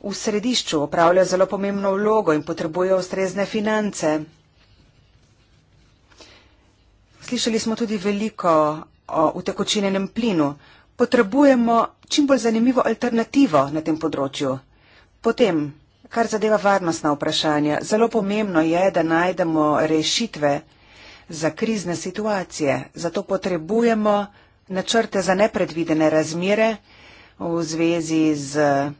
v središču opravljajo zelo pomembno vlogo in potrebujejo ustrezne finance. Slišali smo tudi veliko utekočinjenem plinu. Potrebujemo čim bolj zanimivo alternativo na tem področju. Potem, kar zadeva varnostna vprašanja, zelo pomembno je, da najdemo rešitve za krizne situacije. Zato potrebujemo načrte za nepredvidene razmire v zvezi z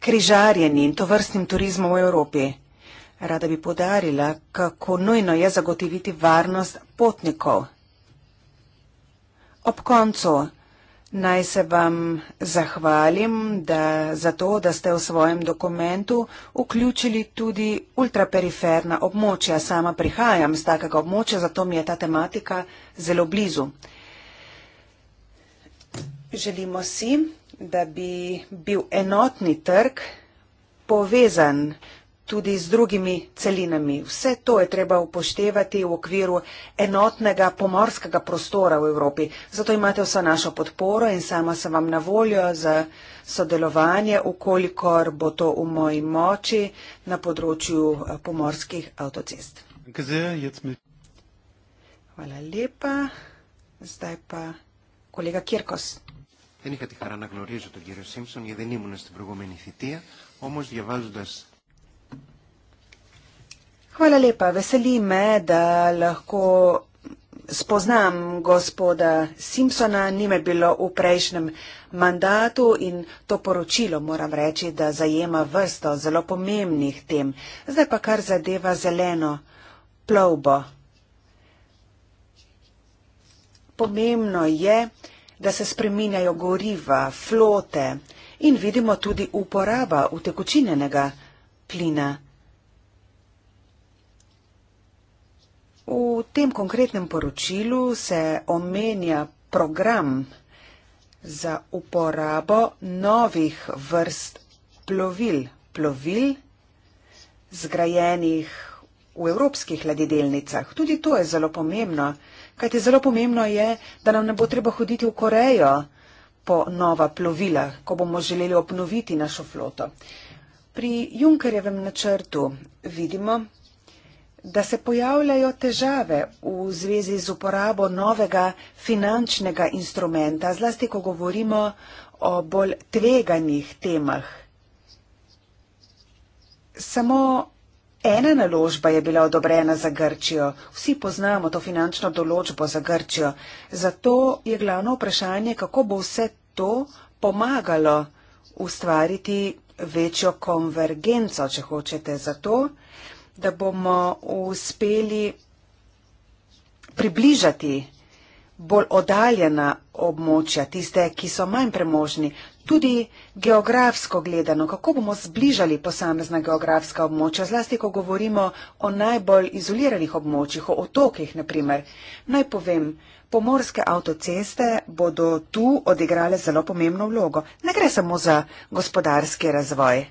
križarjenim in tovrstnim turizmom v Evropi. Rada bi podarila, kako nujno je zagotoviti varnost potnikov. Ob koncu naj se vam zahvalim da, za to, da ste v svojem dokumentu vključili tudi ultraperiferna območja. Sama prihajam z takega območja, zato mi je ta tematika zelo blizu. Želimo si, da bi bil enotni trg povezan tudi z drugimi celinami. Vse to je treba upoštevati v okviru enotnega pomorskega prostora v Evropi. Zato imate vso našo podporo in sama sem vam na voljo za sodelovanje, ukolikor bo to v moji moči na področju eh, pomorskih avtocest. Hvala lepa. Zdaj pa kolega Kirkos. Δεν είχα τη χαρά να γνωρίζω τον κύριο Σίμψον γιατί δεν ήμουν στην προηγούμενη θητεία, όμως διαβάζοντας Hvala lepa. Veseli me, da lahko spoznam gospoda Simpsona. Ni me bilo v prejšnjem mandatu in to poročilo moram reči, da zajema vrsto zelo pomembnih tem. Zdaj pa kar zadeva zeleno plovbo. Pomembno je, da se spreminjajo goriva, flote in vidimo tudi uporaba utekočinjenega plina. V tem konkretnem poročilu se omenja program za uporabo novih vrst plovil, plovil zgrajenih v evropskih ladjedelnicah. Tudi to je zelo pomembno, kajte zelo pomembno je, da nam ne bo treba hoditi v Korejo po nova plovila, ko bomo želeli obnoviti našo floto. Pri Junkerjevem načrtu vidimo, da se pojavljajo težave v zvezi z uporabo novega finančnega instrumenta, zlasti ko govorimo o bolj tveganih temah. Samo ena naložba je bila odobrena za Grčijo. Vsi poznamo to finančno določbo za Grčijo. Zato je glavno vprašanje, kako bo vse to pomagalo ustvariti večjo konvergenco, če hočete. Zato da bomo uspeli približati bolj oddaljena območja, tiste, ki so manj premožni, tudi geografsko gledano, kako bomo zbližali posamezna geografska območja, zlasti, ko govorimo o najbolj izoliranih območjih, o otokih, naprimer. Naj povem, pomorske avtoceste bodo tu odigrale zelo pomembno vlogo. Ne gre samo za gospodarski razvoj.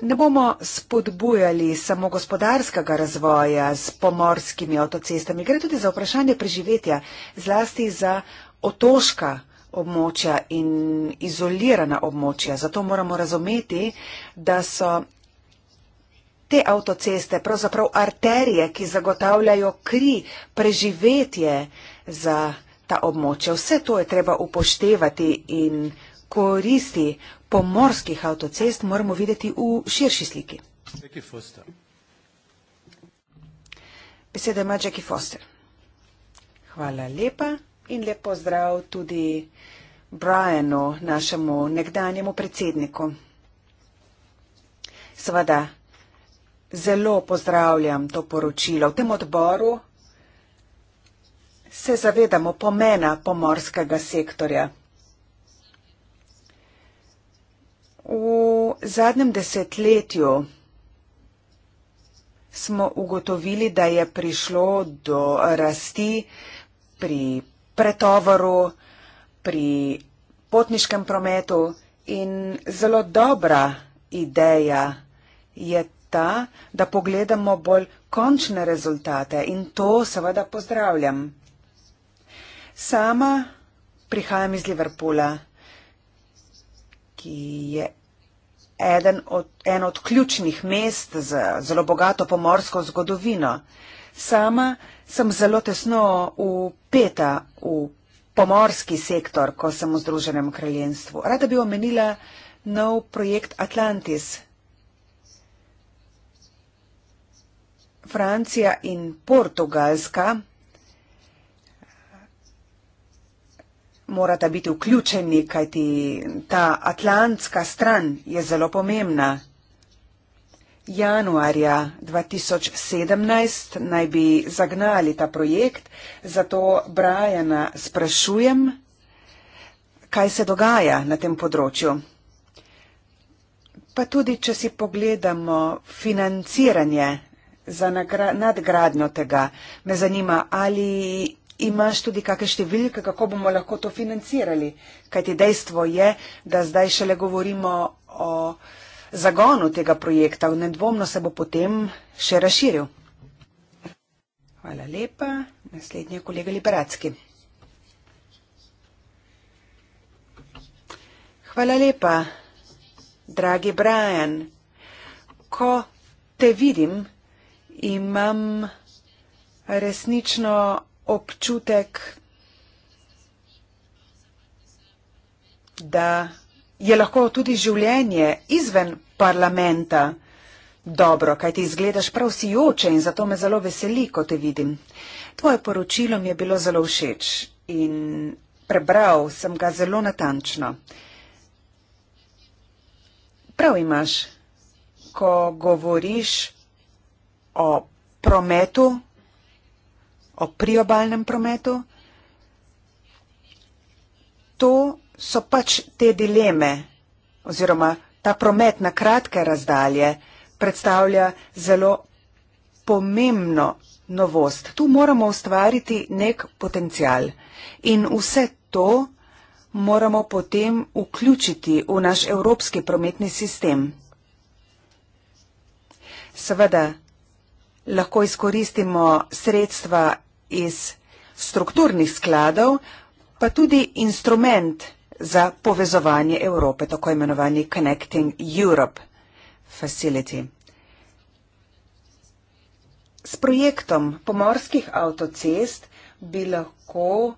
Ne bomo spodbujali samo gospodarskega razvoja s pomorskimi avtocestami, gre tudi za vprašanje preživetja, zlasti za otoška območja in izolirana območja. Zato moramo razumeti, da so te avtoceste pravzaprav arterije, ki zagotavljajo kri preživetje za ta območja. Vse to je treba upoštevati in koristi, pomorskih avtocest moramo videti v širši sliki. Jackie Foster. Beseda ima Jackie Foster. Hvala lepa in lep pozdrav tudi Brianu, našemu nekdanjemu predsedniku. Seveda, zelo pozdravljam to poročilo. V tem odboru se zavedamo pomena pomorskega sektorja. V zadnjem desetletju smo ugotovili, da je prišlo do rasti pri pretovoru, pri potniškem prometu in zelo dobra ideja je ta, da pogledamo bolj končne rezultate in to seveda pozdravljam. Sama prihajam iz Liverpoola, ki je eden od, en od ključnih mest z zelo bogato pomorsko zgodovino. Sama sem zelo tesno upeta v pomorski sektor, ko sem v Združenem kraljestvu. Rada bi omenila nov projekt Atlantis. Francija in Portugalska morata biti vključeni, kajti ta atlantska stran je zelo pomembna. Januarja 2017 naj bi zagnali ta projekt, zato Brajana sprašujem, kaj se dogaja na tem področju. Pa tudi, če si pogledamo financiranje za nadgradnjo tega, me zanima, ali imaš tudi kakšne številke, kako bomo lahko to financirali. Kajti dejstvo je, da zdaj šele govorimo o zagonu tega projekta. Nedvomno se bo potem še razširil. Hvala lepa. Naslednji je kolega Liberacki. Hvala lepa, dragi Brian. Ko te vidim, imam resnično občutek, da je lahko tudi življenje izven parlamenta dobro, kaj ti izgledaš prav sijoče in zato me zelo veseli, ko te vidim. Tvoje poročilo mi je bilo zelo všeč in prebral sem ga zelo natančno. Prav imaš, ko govoriš o prometu o priobalnem prometu. To so pač te dileme oziroma ta promet na kratke razdalje predstavlja zelo pomembno novost. Tu moramo ustvariti nek potencial in vse to moramo potem vključiti v naš evropski prometni sistem. Seveda lahko izkoristimo sredstva iz strukturnih skladov, pa tudi instrument za povezovanje Evrope, tako imenovani Connecting Europe Facility. S projektom pomorskih avtocest bi lahko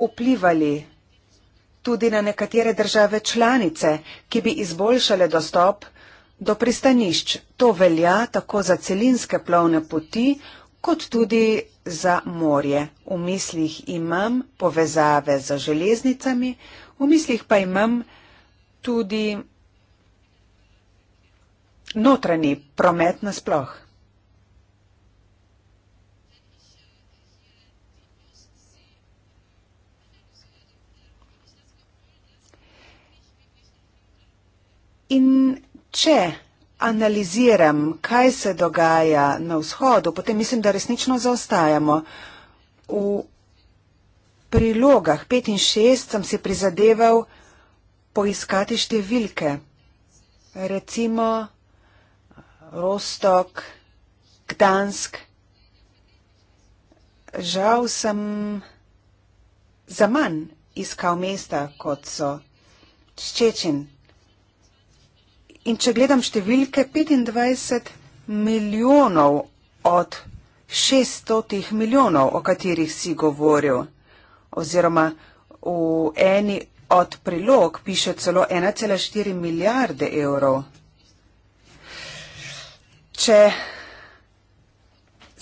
vplivali tudi na nekatere države članice, ki bi izboljšale dostop do pristanišč. To velja tako za celinske plovne poti, kot tudi za morje. V mislih imam povezave z železnicami, v mislih pa imam tudi notranji promet nasploh. In če analiziram, kaj se dogaja na vzhodu, potem mislim, da resnično zaostajamo. V prilogah 5 in 6 sem si prizadeval poiskati številke. Recimo Rostok, Gdansk. Žal sem za manj iskal mesta, kot so Ščečin, In če gledam številke, 25 milijonov od 600 milijonov, o katerih si govoril, oziroma v eni od prilog piše celo 1,4 milijarde evrov. Če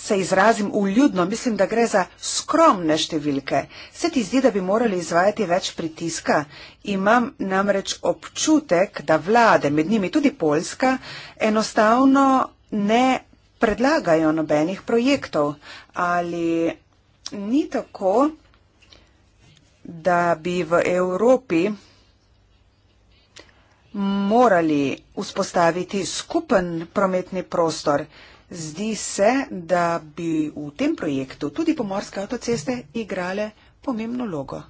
se izrazim uljudno, mislim, da gre za skromne številke. Se ti zdi, da bi morali izvajati več pritiska? Imam namreč občutek, da vlade, med njimi tudi Poljska, enostavno ne predlagajo nobenih projektov. Ali ni tako, da bi v Evropi morali vzpostaviti skupen prometni prostor? Zdi se, da bi v tem projektu tudi pomorske avtoceste igrale pomembno logo.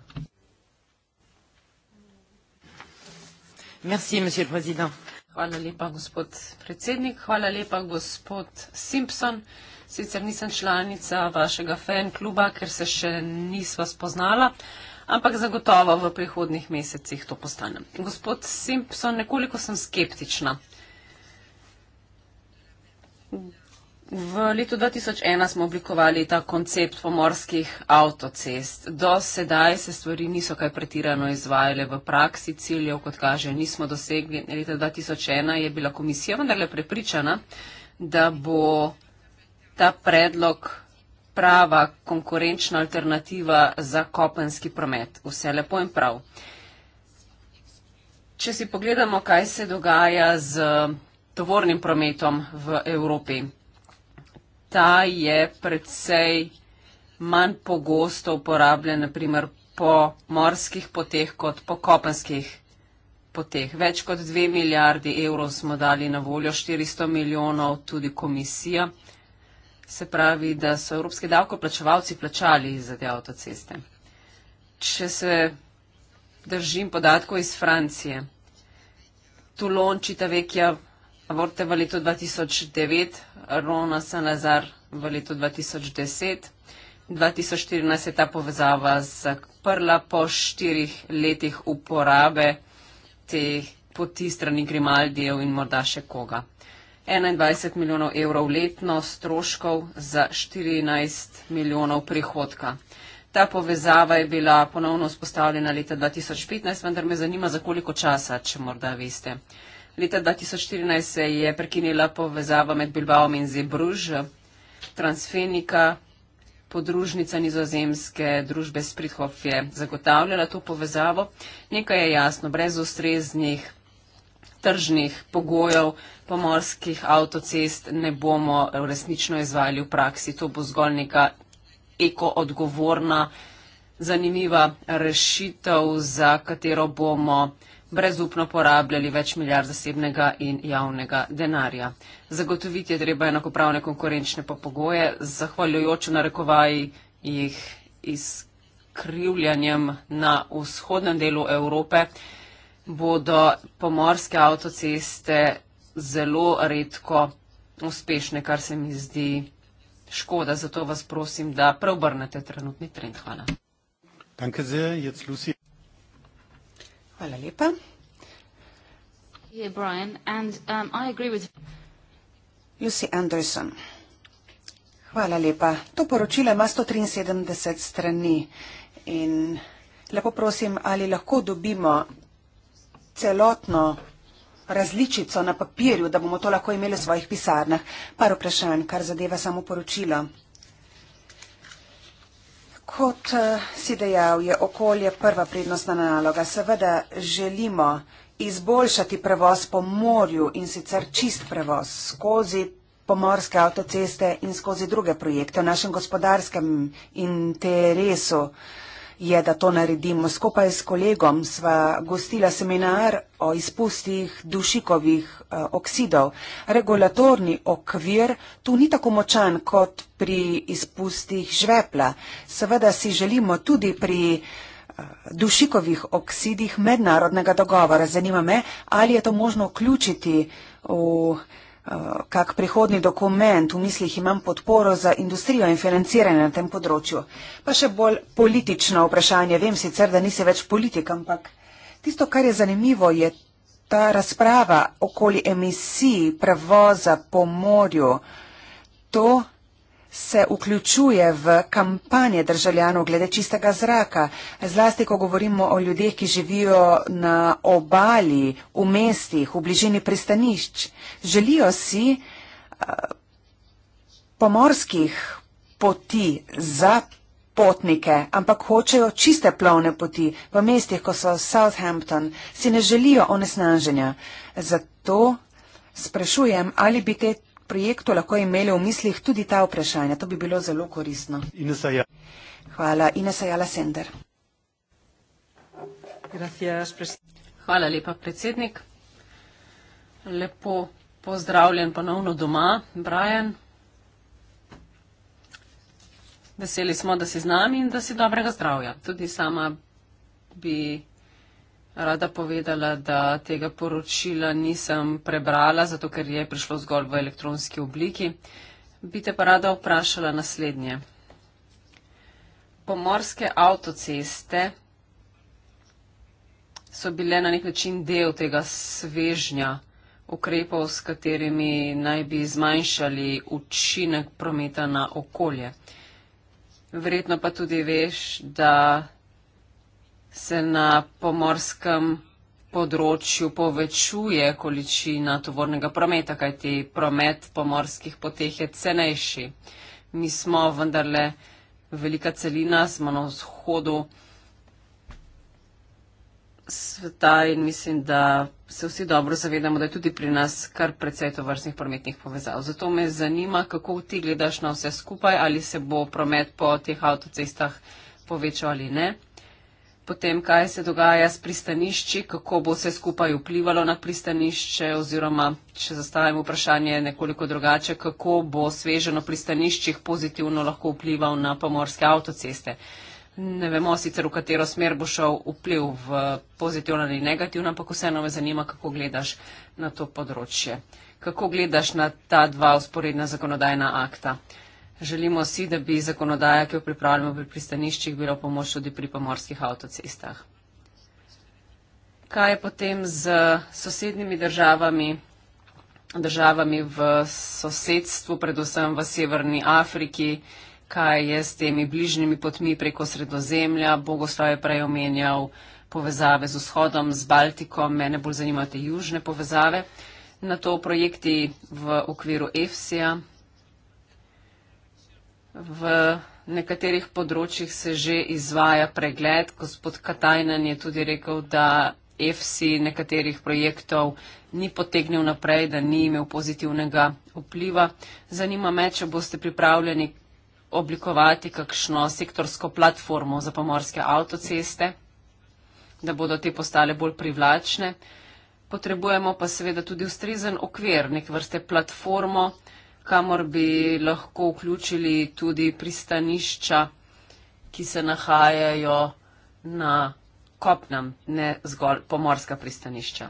Merci, monsieur le président. Hvala lepa, gospod predsednik. Hvala lepa, gospod Simpson. Sicer nisem članica vašega fan kluba, ker se še nisva spoznala, ampak zagotovo v prihodnih mesecih to postanem. Gospod Simpson, nekoliko sem skeptična. V letu 2001 smo oblikovali ta koncept pomorskih avtocest. Do sedaj se stvari niso kaj pretirano izvajale v praksi, ciljev, kot kaže, nismo dosegli. Leta 2001 je bila komisija vendarle prepričana, da bo ta predlog prava konkurenčna alternativa za kopenski promet. Vse lepo in prav. Če si pogledamo, kaj se dogaja z tovornim prometom v Evropi ta je predvsej manj pogosto uporabljen, naprimer po morskih poteh kot po kopenskih poteh. Več kot dve milijardi evrov smo dali na voljo, 400 milijonov tudi komisija. Se pravi, da so evropski davkoplačevalci plačali za te avtoceste. Če se držim podatkov iz Francije, Toulon, Čitavekja, Aborte v letu 2009, Rona Sanazar v letu 2010. 2014 je ta povezava zaprla po štirih letih uporabe te poti strani Grimaldijev in morda še koga. 21 milijonov evrov letno stroškov za 14 milijonov prihodka. Ta povezava je bila ponovno vzpostavljena leta 2015, vendar me zanima, za koliko časa, če morda veste. Leta 2014 se je prekinila povezava med Bilbaom in Zebruž, Transfenika, podružnica nizozemske družbe Sprithof je zagotavljala to povezavo. Nekaj je jasno, brez ustreznih tržnih pogojev pomorskih avtocest ne bomo resnično izvajali v praksi. To bo zgolj neka ekoodgovorna, zanimiva rešitev, za katero bomo brezupno porabljali več milijard zasebnega in javnega denarja. Zagotoviti je treba enakopravne konkurenčne pa pogoje, zahvaljujoč v narekovaji jih izkrivljanjem na vzhodnem delu Evrope bodo pomorske avtoceste zelo redko uspešne, kar se mi zdi škoda. Zato vas prosim, da preobrnete trenutni trend. Hvala. Danke sehr, jetzt Lucy. Hvala lepa. Yeah, Brian, and, um, I agree with... Lucy Anderson. Hvala lepa. To poročilo ima 173 strani in lepo prosim, ali lahko dobimo celotno različico na papirju, da bomo to lahko imeli v svojih pisarnah. Par vprašanj, kar zadeva samo poročilo. Kot eh, si dejal, je okolje prva prednostna naloga. Seveda želimo izboljšati prevoz po morju in sicer čist prevoz skozi pomorske avtoceste in skozi druge projekte v našem gospodarskem interesu. Uh, je, da to naredimo. Skupaj s kolegom sva gostila seminar o izpustih dušikovih uh, oksidov. Regulatorni okvir tu ni tako močan kot pri izpustih žvepla. Seveda si želimo tudi pri eh, dušikovih oksidih mednarodnega dogovora. Zanima me, ali je to možno vključiti v. Uh, kak prihodni dokument, v mislih imam podporo za industrijo in financiranje na tem področju. Pa še bolj politično vprašanje, vem sicer, da nisi več politik, ampak tisto, kar je zanimivo, je ta razprava okoli emisij, prevoza po morju. To se vključuje v kampanje državljanov glede čistega zraka, zlasti ko govorimo o ljudeh, ki živijo na obali, v mestih, v bližini pristanišč. Želijo si eh, pomorskih poti za potnike, ampak hočejo čiste plovne poti v mestih, ko so Southampton, si ne želijo onesnaženja. Zato sprašujem, ali bi te projektu lahko imeli v mislih tudi ta vprašanja. To bi bilo zelo koristno. Inesaja. Hvala. Inesajala Sender. Hvala lepa, predsednik. Lepo pozdravljen ponovno doma, Brian. Veseli smo, da si z nami in da si dobrega zdravja. Tudi sama bi rada povedala, da tega poročila nisem prebrala, zato ker je prišlo zgolj v elektronski obliki. Bi te pa rada vprašala naslednje. Pomorske avtoceste so bile na nek način del tega svežnja ukrepov, s katerimi naj bi zmanjšali učinek prometa na okolje. Verjetno pa tudi veš, da se na pomorskem področju povečuje količina tovornega prometa, kajti promet pomorskih poteh je cenejši. Mi smo vendarle velika celina, smo na vzhodu sveta in mislim, da se vsi dobro zavedamo, da je tudi pri nas kar precej tovrstnih prometnih povezav. Zato me zanima, kako ti gledaš na vse skupaj, ali se bo promet po teh avtocestah povečal ali ne potem kaj se dogaja s pristanišči, kako bo vse skupaj vplivalo na pristanišče oziroma, če zastavim vprašanje nekoliko drugače, kako bo sveženo pristaniščih pozitivno lahko vplival na pomorske avtoceste. Ne vemo sicer, v katero smer bo šel vpliv v pozitivno ali negativno, ampak vseeno me zanima, kako gledaš na to področje. Kako gledaš na ta dva usporedna zakonodajna akta? Želimo si, da bi zakonodaja, ki jo pripravljamo pri pristaniščih, bila pomoč tudi pri pomorskih avtocestah. Kaj je potem z sosednjimi državami, državami v sosedstvu, predvsem v Severni Afriki, kaj je s temi bližnjimi potmi preko sredozemlja, Bogoslav je prej omenjal povezave z vzhodom, z Baltikom, mene bolj zanimajo te južne povezave. Na to projekti v okviru EFSI-a, V nekaterih področjih se že izvaja pregled. Gospod Katajnen je tudi rekel, da EFSI nekaterih projektov ni potegnil naprej, da ni imel pozitivnega vpliva. Zanima me, če boste pripravljeni oblikovati kakšno sektorsko platformo za pomorske avtoceste, da bodo te postale bolj privlačne. Potrebujemo pa seveda tudi ustrezen okvir, nek vrste platformo, uh, kamor bi lahko vključili tudi pristanišča, ki se nahajajo na kopnem, ne zgolj pomorska pristanišča.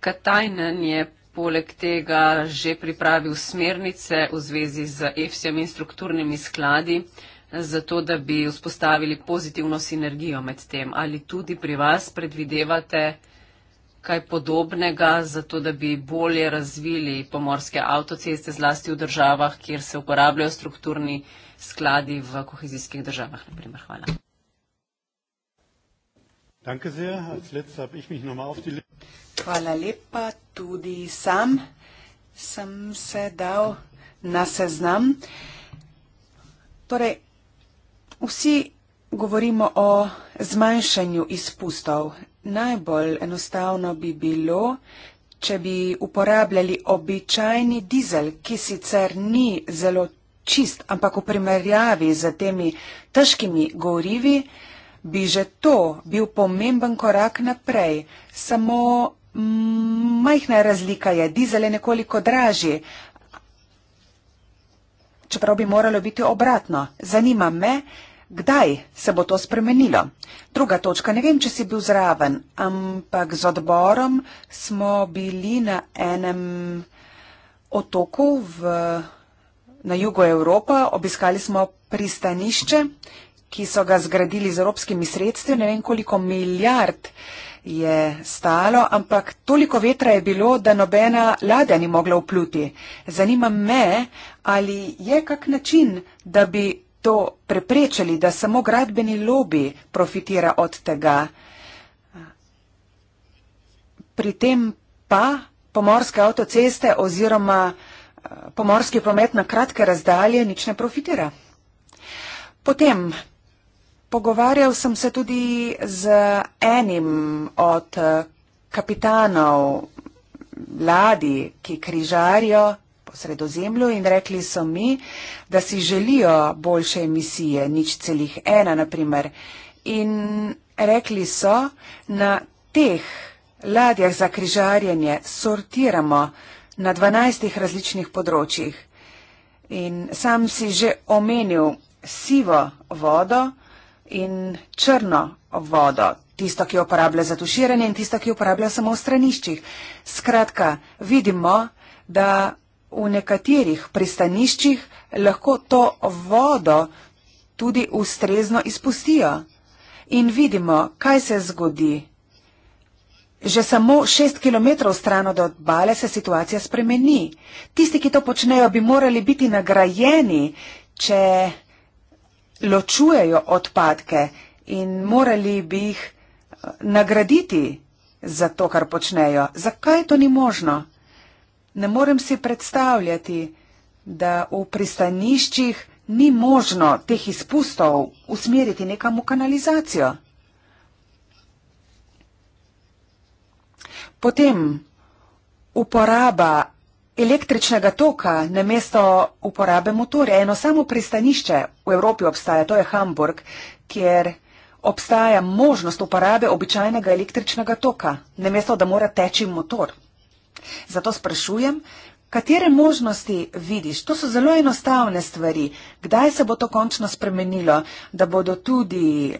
Katajnen je poleg tega že pripravil smernice v zvezi z EFSIM in strukturnimi skladi, zato da bi vzpostavili pozitivno sinergijo med tem. Ali tudi pri vas predvidevate, kaj podobnega, zato da bi bolje razvili pomorske avtoceste, zlasti v državah, kjer se uporabljajo strukturni skladi v kohezijskih državah. Naprimer. Hvala. Hvala lepa. Tudi sam sem se dal na seznam. Torej, vsi govorimo o zmanjšanju izpustov najbolj enostavno bi bilo, če bi uporabljali običajni dizel, ki sicer ni zelo čist, ampak v primerjavi z temi težkimi gorivi, bi že to bil pomemben korak naprej. Samo majhna razlika je, dizel je nekoliko dražji, čeprav bi moralo biti obratno. Zanima me, Kdaj se bo to spremenilo? Druga točka, ne vem, če si bil zraven, ampak z odborom smo bili na enem otoku v, na jugu Evropa, obiskali smo pristanišče, ki so ga zgradili z evropskimi sredstvi, ne vem koliko milijard je stalo, ampak toliko vetra je bilo, da nobena ladja ni mogla vpluti. Zanima me, ali je kak način, da bi to preprečili, da samo gradbeni lobby profitira od tega. Pri tem pa pomorske avtoceste oziroma eh, pomorski promet na kratke razdalje nič ne profitira. Potem pogovarjal sem se tudi z enim od eh, kapitanov ladi, ki križarijo sredozemlju in rekli so mi, da si želijo boljše emisije, nič celih ena naprimer. In rekli so, na teh ladjah za križarjenje sortiramo na 12 različnih področjih. In sam si že omenil sivo vodo in črno vodo, tisto, ki jo uporablja za tuširanje in tisto, ki jo uporablja samo v straniščih. Skratka, vidimo, da v nekaterih pristaniščih lahko to vodo tudi ustrezno izpustijo. In vidimo, kaj se zgodi. Že samo šest kilometrov stran od obale se situacija spremeni. Tisti, ki to počnejo, bi morali biti nagrajeni, če ločujejo odpadke in morali bi jih eh, nagraditi za to, kar počnejo. Zakaj to ni možno? Ne morem si predstavljati, da v pristaniščih ni možno teh izpustov usmeriti nekam v kanalizacijo. Potem uporaba električnega toka na mesto uporabe motorja. Eno samo pristanišče v Evropi obstaja, to je Hamburg, kjer obstaja možnost uporabe običajnega električnega toka na mesto, da mora teči motor. Zato sprašujem, katere možnosti vidiš? To so zelo enostavne stvari. Kdaj se bo to končno spremenilo, da bodo tudi eh,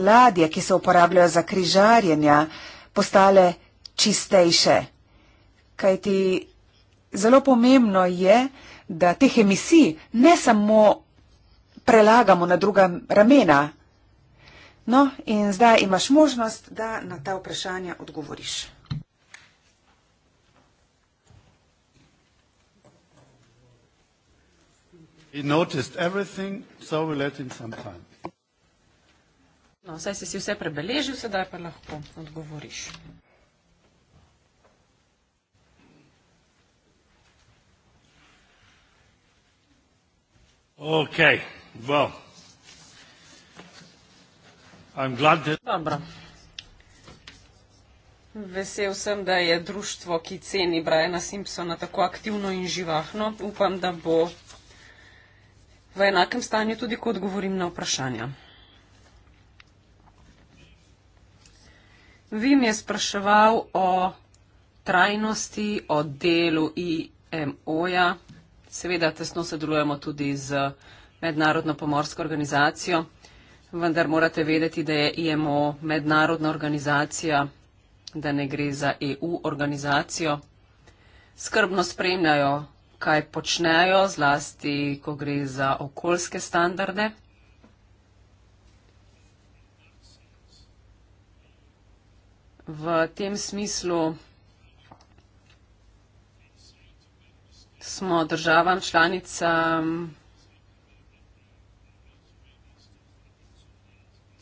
ladje, ki se uporabljajo za križarjenja, postale čistejše? Kajti zelo pomembno je, da teh emisij ne samo prelagamo na druga ramena. No, in zdaj imaš možnost, da na ta vprašanja odgovoriš. He noticed everything, so we let him some time. No, saj si si vse prebeležil, sedaj pa lahko odgovoriš. Ok, well. I'm glad that... Dobro. Vesel sem, da je društvo, ki ceni Briana Simpsona tako aktivno in živahno. Upam, da bo v enakem stanju, tudi ko odgovorim na vprašanja. Vim je spraševal o trajnosti, o delu IMO-ja. Seveda tesno sodelujemo tudi z mednarodno pomorsko organizacijo, vendar morate vedeti, da je IMO mednarodna organizacija, da ne gre za EU organizacijo. Skrbno spremljajo kaj počnejo, zlasti, ko gre za okoljske standarde. V tem smislu smo državam članicam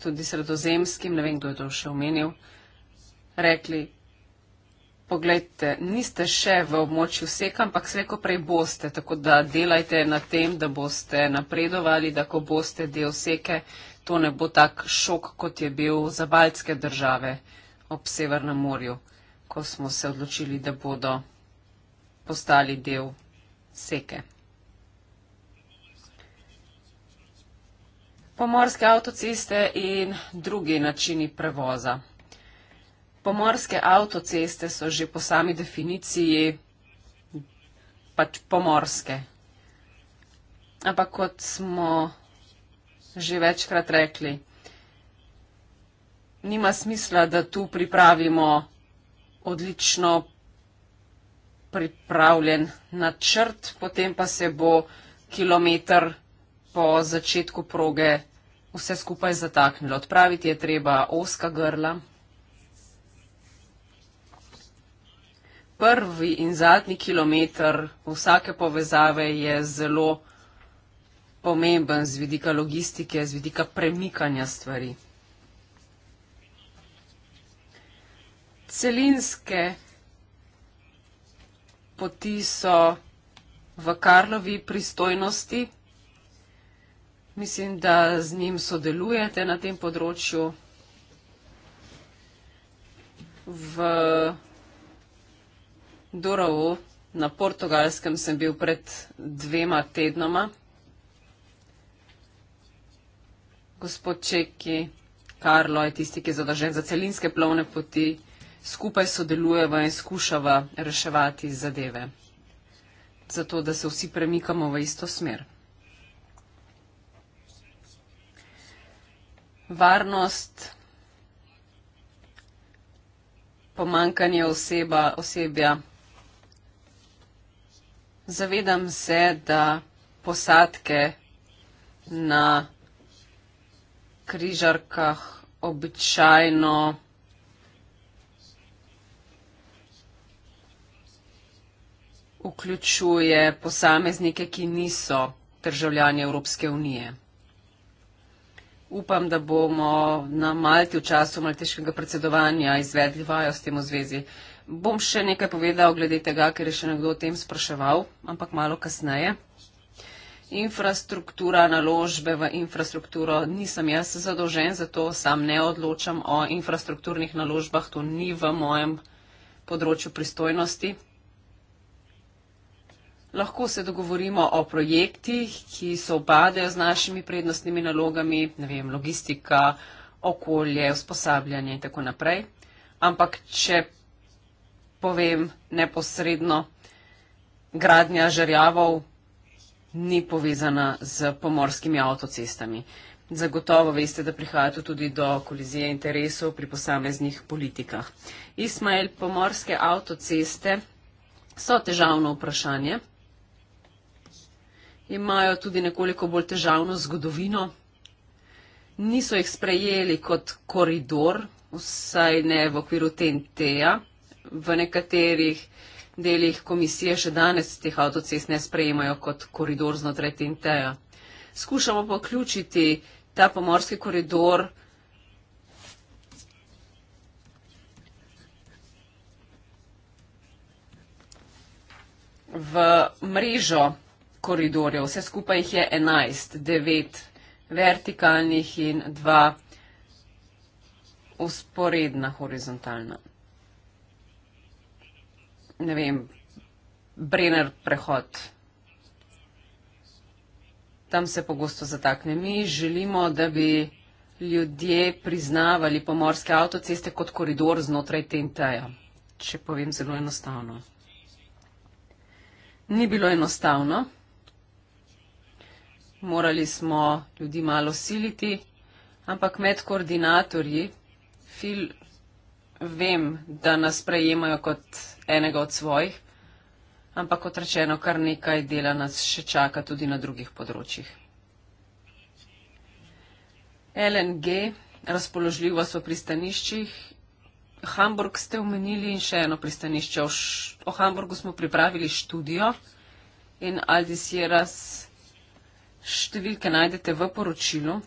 tudi sredozemskim, ne vem, kdo je to še omenil, rekli, Poglejte, niste še v območju seka, ampak vse, ko prej boste, tako da delajte na tem, da boste napredovali, da ko boste del seke, to ne bo tak šok, kot je bil za baltske države ob Severnem morju, ko smo se odločili, da bodo postali del seke. Pomorske avtoceste in drugi načini prevoza. Pomorske avtoceste so že po sami definiciji pač pomorske. Ampak kot smo že večkrat rekli, nima smisla, da tu pripravimo odlično pripravljen načrt, potem pa se bo kilometr po začetku proge vse skupaj zataknilo. Odpraviti je treba oska grla. prvi in zadnji kilometr vsake povezave je zelo pomemben z vidika logistike, z vidika premikanja stvari. Celinske poti so v Karlovi pristojnosti. Mislim, da z njim sodelujete na tem področju. V Dorao, na portugalskem sem bil pred dvema tednoma. Gospod Čeki, Karlo je tisti, ki je zadržen za celinske plovne poti, skupaj sodelujeva in skušava reševati zadeve, zato da se vsi premikamo v isto smer. Varnost, pomankanje oseba, osebja, zavedam se, da posadke na križarkah običajno vključuje posameznike, ki niso državljani Evropske unije. Upam, da bomo na Malti v času malteškega predsedovanja izvedli vajo s tem v zvezi. Uh, bom še nekaj povedal glede tega, ker je še nekdo o tem spraševal, ampak malo kasneje. Infrastruktura, naložbe v infrastrukturo, nisem jaz zadolžen, zato sam ne odločam o infrastrukturnih naložbah, to ni v mojem področju pristojnosti. Lahko se dogovorimo o projektih, ki so obadejo z našimi prednostnimi nalogami, ne vem, logistika, okolje, usposabljanje in tako naprej. Ampak, če povem neposredno, gradnja žerjavov ni povezana z pomorskimi avtocestami. Zagotovo veste, da prihaja tudi do kolizije interesov pri posameznih politikah. Ismail, pomorske avtoceste so težavno vprašanje, imajo tudi nekoliko bolj težavno zgodovino, niso jih sprejeli kot koridor, vsaj ne v okviru TNT-ja v nekaterih delih komisije še danes teh avtocest ne sprejemajo kot koridor znotraj TNT-ja. Skušamo pa vključiti ta pomorski koridor v mrežo koridorjev. Vse skupaj jih je 11, 9 vertikalnih in 2 usporedna horizontalna ne vem, Brenner prehod. Tam se pogosto zatakne. Mi želimo, da bi ljudje priznavali pomorske avtoceste kot koridor znotraj TNT-ja. Če povem zelo enostavno. Ni bilo enostavno. Morali smo ljudi malo siliti, ampak med koordinatorji, Phil vem, da nas sprejemajo kot enega od svojih, ampak kot rečeno, kar nekaj dela nas še čaka tudi na drugih področjih. LNG, razpoložljivost v pristaniščih. Hamburg ste omenili in še eno pristanišče. O, o Hamburgu smo pripravili študijo in Aldis Jeras številke najdete v poročilu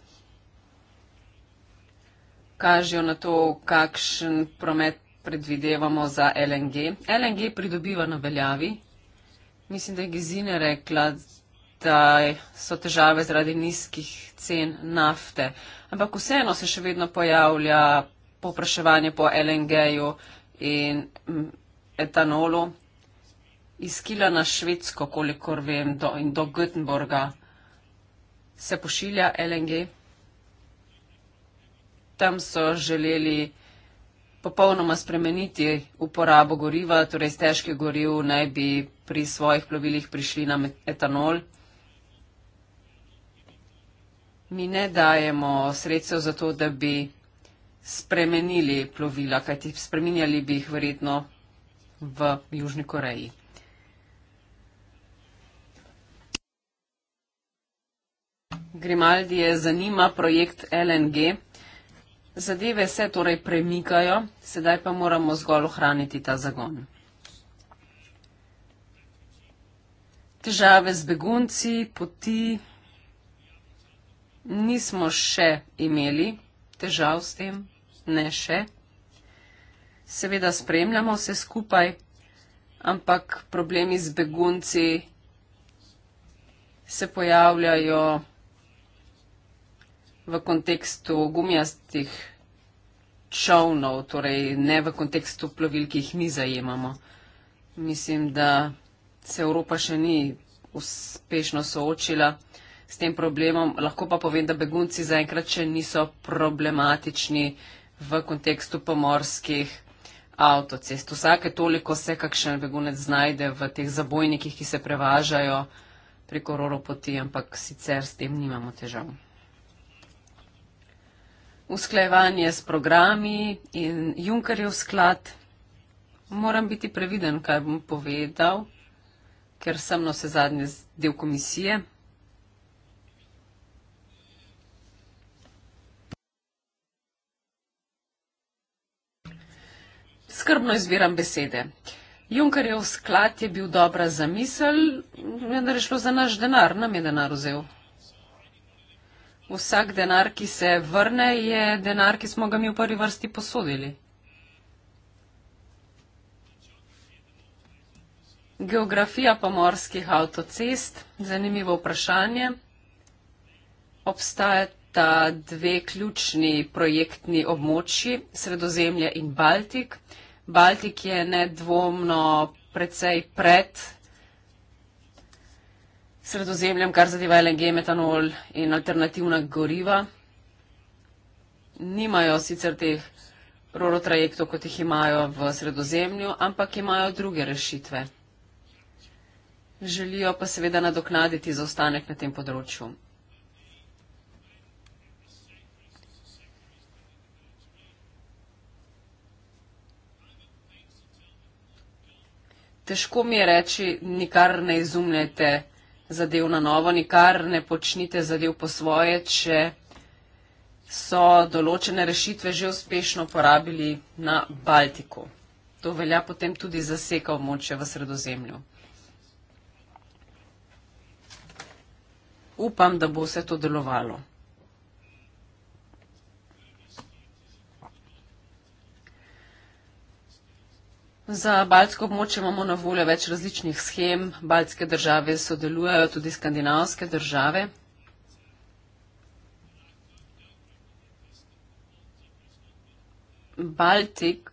kažejo na to, kakšen promet predvidevamo za LNG. LNG pridobiva na veljavi. Mislim, da je Gizine rekla, da so težave zaradi nizkih cen nafte. Ampak vseeno se še vedno pojavlja popraševanje po LNG-ju in mm, etanolu. Izkila na Švedsko, kolikor vem, do, in do Göteborga se pošilja LNG tam so želeli popolnoma spremeniti uporabo goriva, torej iz težkih goriv naj bi pri svojih plovilih prišli na etanol. Mi ne dajemo sredstev za to, da bi spremenili plovila, kajti spremenjali bi jih verjetno v Južni Koreji. Grimaldi je zanima projekt LNG. Zadeve se torej premikajo, sedaj pa moramo zgolj ohraniti ta zagon. Težave z begunci, poti. Nismo še imeli težav s tem, ne še. Seveda spremljamo vse skupaj, ampak problemi z begunci se pojavljajo v kontekstu gumijastih čovnov, torej ne v kontekstu plovil, ki jih mi zajemamo. Mislim, da se Evropa še ni uspešno soočila s tem problemom. Lahko pa povem, da begunci zaenkrat še niso problematični v kontekstu pomorskih avtocest. Vsake toliko se kakšen begunec znajde v teh zabojnikih, ki se prevažajo preko roropoti, ampak sicer s tem nimamo težav usklajevanje s programi in Junkerjev sklad. Moram biti previden, kaj bom povedal, ker sem na vse zadnje del komisije. Skrbno izbiram besede. Junkerjev sklad je bil dobra zamisel, vendar je šlo za naš denar, nam je denar vzel vsak denar, ki se vrne, je denar, ki smo ga mi v prvi vrsti posodili. Geografija pomorskih avtocest. Zanimivo vprašanje. Obstajata dve ključni projektni območji, Sredozemlje in Baltik. Baltik je nedvomno precej pred sredozemljem, kar zadeva LNG, metanol in alternativna goriva. Nimajo sicer teh roro trajektov, kot jih imajo v sredozemlju, ampak imajo druge rešitve. Želijo pa seveda nadoknaditi zaostanek na tem področju. Težko mi je reči, nikar ne izumljajte zadev na novo, nikar ne počnite zadev po svoje, če so določene rešitve že uspešno porabili na Baltiku. To velja potem tudi za seka območja v sredozemlju. Upam, da bo vse to delovalo. Za baltsko območje imamo na voljo več različnih schem. Baltske države sodelujejo, tudi skandinavske države. Baltik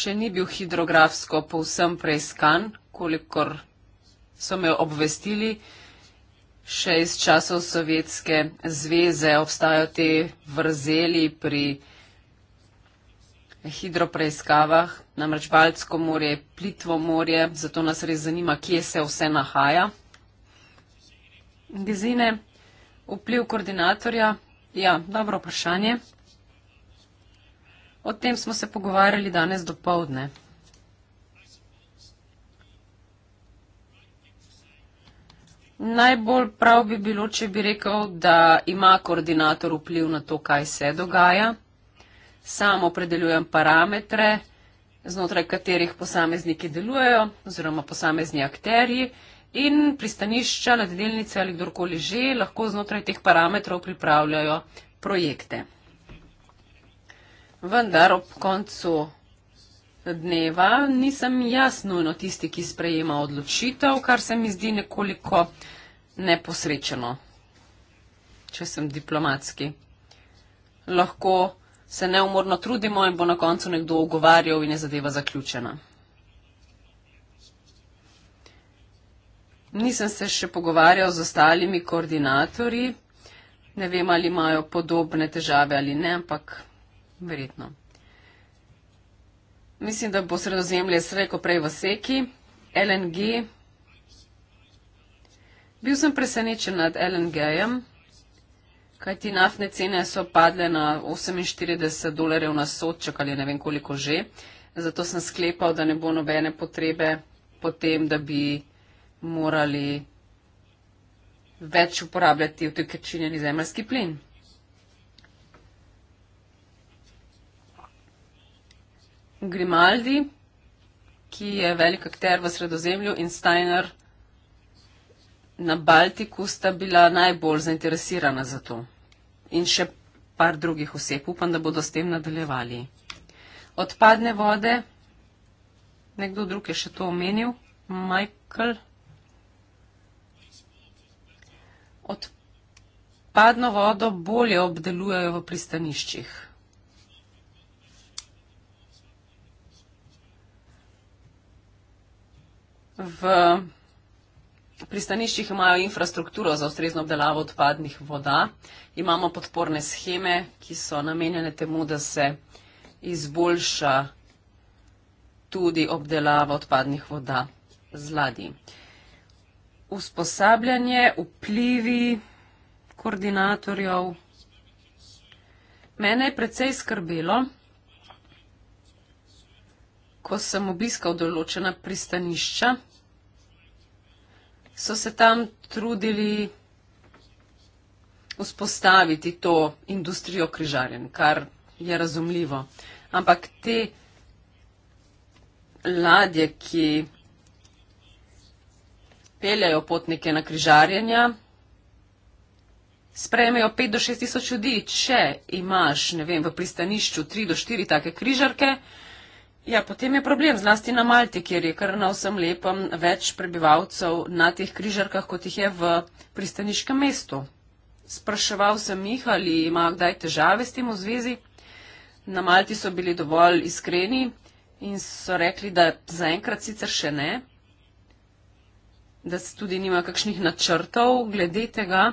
še ni bil hidrografsko povsem preiskan, kolikor so me obvestili. Še iz časov Sovjetske zveze obstajajo te vrzeli pri hidropreiskavah, namreč Baltsko morje, Plitvo morje, zato nas res zanima, kje se vse nahaja. Gezine, vpliv koordinatorja, ja, dobro vprašanje. O tem smo se pogovarjali danes do povdne. Najbolj prav bi bilo, če bi rekel, da ima koordinator vpliv na to, kaj se dogaja sam opredeljujem parametre, znotraj katerih posamezniki delujejo oziroma posamezni akterji in pristanišča, nadeljnice ali kdorkoli že lahko znotraj teh parametrov pripravljajo projekte. Vendar ob koncu dneva nisem jaz nujno tisti, ki sprejema odločitev, kar se mi zdi nekoliko neposrečeno, če sem diplomatski. Lahko se neumorno trudimo in bo na koncu nekdo ogovarjal in je zadeva zaključena. Nisem se še pogovarjal z ostalimi koordinatorji, ne vem, ali imajo podobne težave ali ne, ampak verjetno. Mislim, da bo sredozemlje sreko prej v seki. LNG. Bil sem presenečen nad LNG-jem. Kaj ti naftne cene so padle na 48 dolarjev na sodček ali ne vem koliko že, zato sem sklepal, da ne bo nobene potrebe potem, da bi morali več uporabljati utekočinjeni zemljski plin. Grimaldi, ki je velik akter v sredozemlju in Steiner na Baltiku, sta bila najbolj zainteresirana za to in še par drugih oseb. Upam, da bodo s tem nadaljevali. Odpadne vode, nekdo drug je še to omenil, Michael. Odpadno vodo bolje obdelujejo v pristaniščih. V pristaniščih imajo infrastrukturo za ustrezno obdelavo odpadnih voda, imamo podporne scheme, ki so namenjene temu, da se izboljša tudi obdelava odpadnih voda z ladji. Usposabljanje, vplivi koordinatorjev. Mene je precej skrbelo, ko sem obiskal določena pristanišča, so se tam trudili vzpostaviti to industrijo križarjen, kar je razumljivo. Ampak te ladje, ki peljajo potnike na križarjenja, sprejmejo 5 do 6 tisoč ljudi, če imaš, ne vem, v pristanišču 3 do 4 take križarke, Ja, potem je problem, zlasti na Malti, kjer je kar na vsem lepem več prebivalcev na teh križarkah, kot jih je v pristaniškem mestu. Spraševal sem jih, ali imajo kdaj težave s tem v zvezi. Na Malti so bili dovolj iskreni in so rekli, da zaenkrat sicer še ne, da se tudi nima kakšnih načrtov glede tega.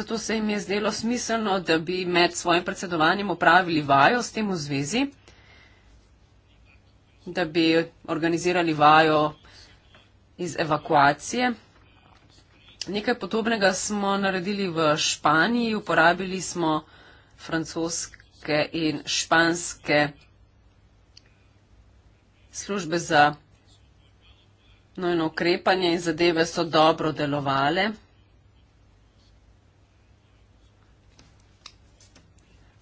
Zato se jim je zdelo smiselno, da bi med svojim predsedovanjem opravili vajo s tem v zvezi da bi organizirali vajo iz evakuacije. Nekaj podobnega smo naredili v Španiji, uporabili smo francoske in španske službe za nojno ukrepanje in zadeve so dobro delovale.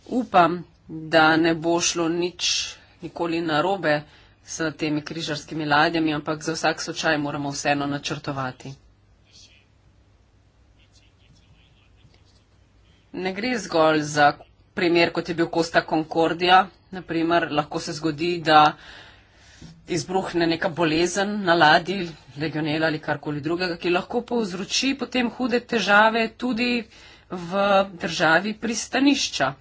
Upam, da ne bo šlo nič nikoli narobe s temi križarskimi ladjami, ampak za vsak slučaj moramo vseeno načrtovati. Ne gre zgolj za primer, kot je bil Costa Concordia, naprimer, lahko se zgodi, da izbruhne neka bolezen na ladji, legionela ali karkoli drugega, ki lahko povzroči potem hude težave tudi v državi pristanišča.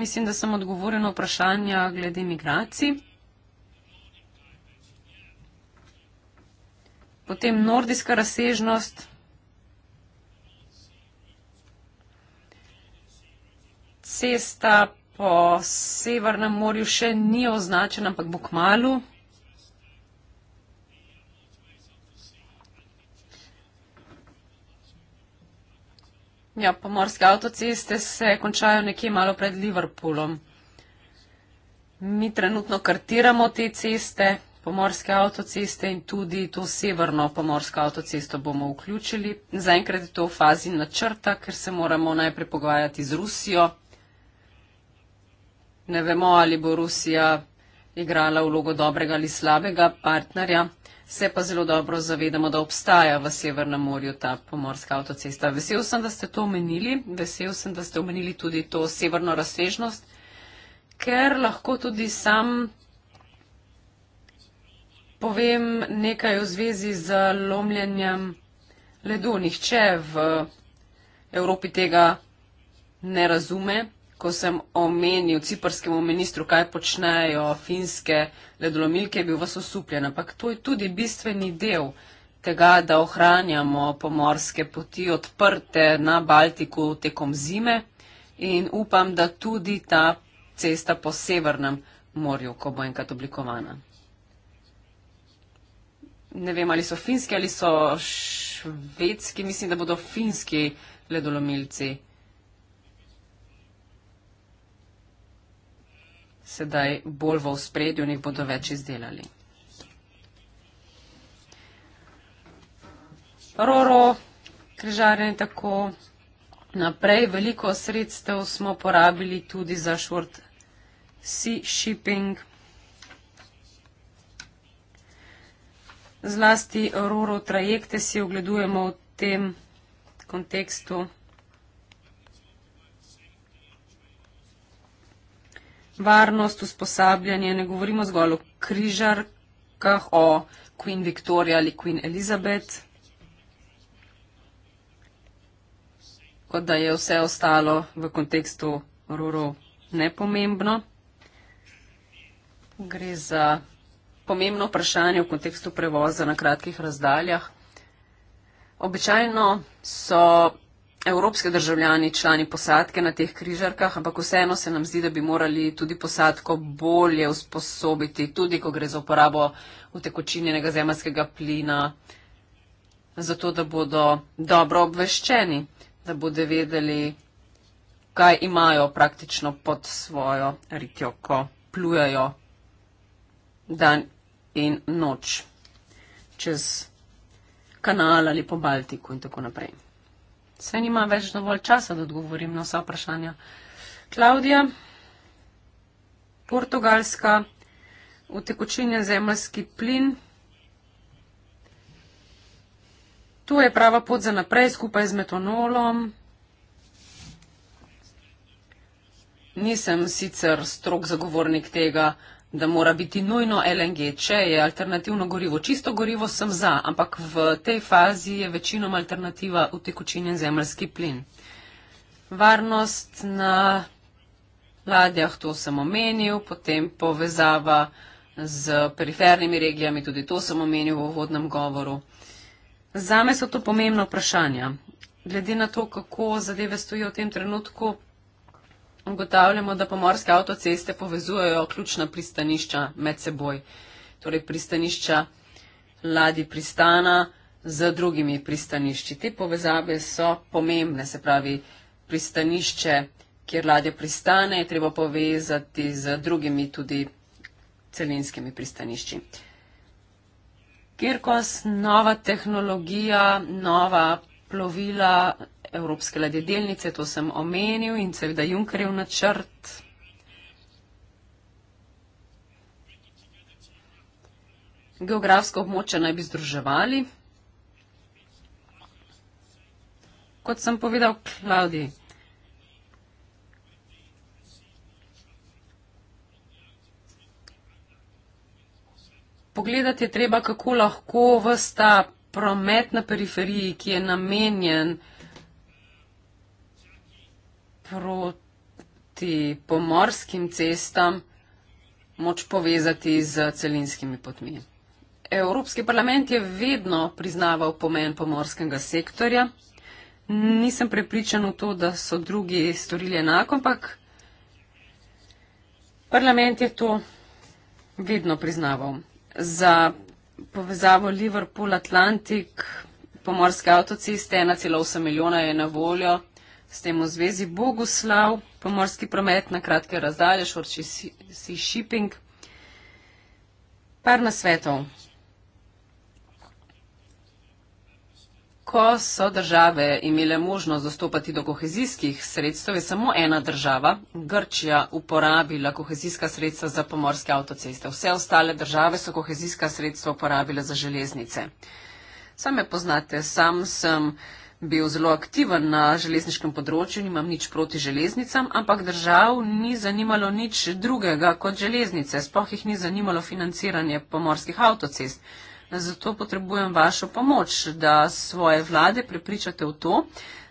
Mislim, da sem odgovoril na vprašanja glede migracij. Potem nordijska razsežnost. Cesta po Severnem morju še ni označena, ampak bo kmalu. Ja, pomorske avtoceste se končajo nekje malo pred Liverpoolom. Mi trenutno kartiramo te ceste, pomorske avtoceste in tudi to severno pomorsko avtocesto bomo vključili. Zaenkrat je to v fazi načrta, ker se moramo najprej pogovarjati z Rusijo. Ne vemo, ali bo Rusija igrala vlogo dobrega ali slabega partnerja. Se pa zelo dobro zavedamo, da obstaja v Severnem morju ta pomorska avtocesta. Vesel sem, da ste to omenili. Vesel sem, da ste omenili tudi to severno razsežnost, ker lahko tudi sam povem nekaj v zvezi z lomljenjem ledu. Nihče v Evropi tega ne razume ko sem omenil ciprskemu ministru, kaj počnejo finske ledolomilke, bil vas osupljen. Ampak to je tudi bistveni del tega, da ohranjamo pomorske poti odprte na Baltiku tekom zime in upam, da tudi ta cesta po severnem morju, ko bo enkrat oblikovana. Ne vem, ali so finski ali so švedski, mislim, da bodo finski ledolomilci. sedaj bolj v spredju in jih bodo več izdelali. Roro, križarjenje tako naprej. Veliko sredstev smo porabili tudi za short sea shipping. Zlasti Roro trajekte si ogledujemo v tem kontekstu. varnost, usposabljanje, ne govorimo zgolj o križarkah, o Queen Victoria ali Queen Elizabeth, kot da je vse ostalo v kontekstu RORO nepomembno. Gre za pomembno vprašanje v kontekstu prevoza na kratkih razdaljah. Običajno so evropske državljani člani posadke na teh križarkah, ampak vseeno se nam zdi, da bi morali tudi posadko bolje usposobiti, tudi ko gre za uporabo utekočinjenega zemljskega plina, zato da bodo dobro obveščeni, da bodo vedeli, kaj imajo praktično pod svojo ritjo, ko plujajo dan in noč čez kanal ali po Baltiku in tako naprej. Vse nima več dovolj časa, da odgovorim na vsa vprašanja. Klaudija, Portugalska, utekočinjen zemljski plin. Tu je prava pot za naprej, skupaj z metanolom. Nisem sicer strok zagovornik tega, da mora biti nujno LNG. Če je alternativno gorivo čisto gorivo, sem za, ampak v tej fazi je večinoma alternativa utekočinjen zemljski plin. Varnost na ladjah, to sem omenil, potem povezava z perifernimi regijami, tudi to sem omenil v uvodnem govoru. Zame so to pomembna vprašanja. Glede na to, kako zadeve stojijo v tem trenutku, ugotavljamo, da pomorske avtoceste povezujejo ključna pristanišča med seboj. Torej pristanišča ladi pristana z drugimi pristanišči. Te povezave so pomembne, se pravi pristanišče, kjer ladje pristane, je treba povezati z drugimi tudi celinskimi pristanišči. Kirkos, nova tehnologija, nova plovila, evropske ladjedelnice, to sem omenil in seveda Junkerjev načrt. Geografsko območje naj bi združevali. Kot sem povedal Klaudi, pogledati je treba, kako lahko vsta promet na periferiji, ki je namenjen proti pomorskim cestam moč povezati z celinskimi potmi. Evropski parlament je vedno priznaval pomen pomorskega sektorja. Nisem prepričan v to, da so drugi storili enako, ampak parlament je to vedno priznaval. Za povezavo Liverpool-Atlantik pomorske avtoceste 1,8 milijona je na voljo. S tem v zvezi Boguslav, pomorski promet na kratke razdalje, šorči sea shipping. Par nasvetov. Ko so države imele možnost dostopati do kohezijskih sredstev, je samo ena država, Grčija, uporabila kohezijska sredstva za pomorske avtoceste. Vse ostale države so kohezijska sredstva uporabile za železnice. Same poznate, sam sem bil zelo aktiven na železniškem področju, nimam nič proti železnicam, ampak držav ni zanimalo nič drugega kot železnice, sploh jih ni zanimalo financiranje pomorskih avtocest. Zato potrebujem vašo pomoč, da svoje vlade prepričate v to,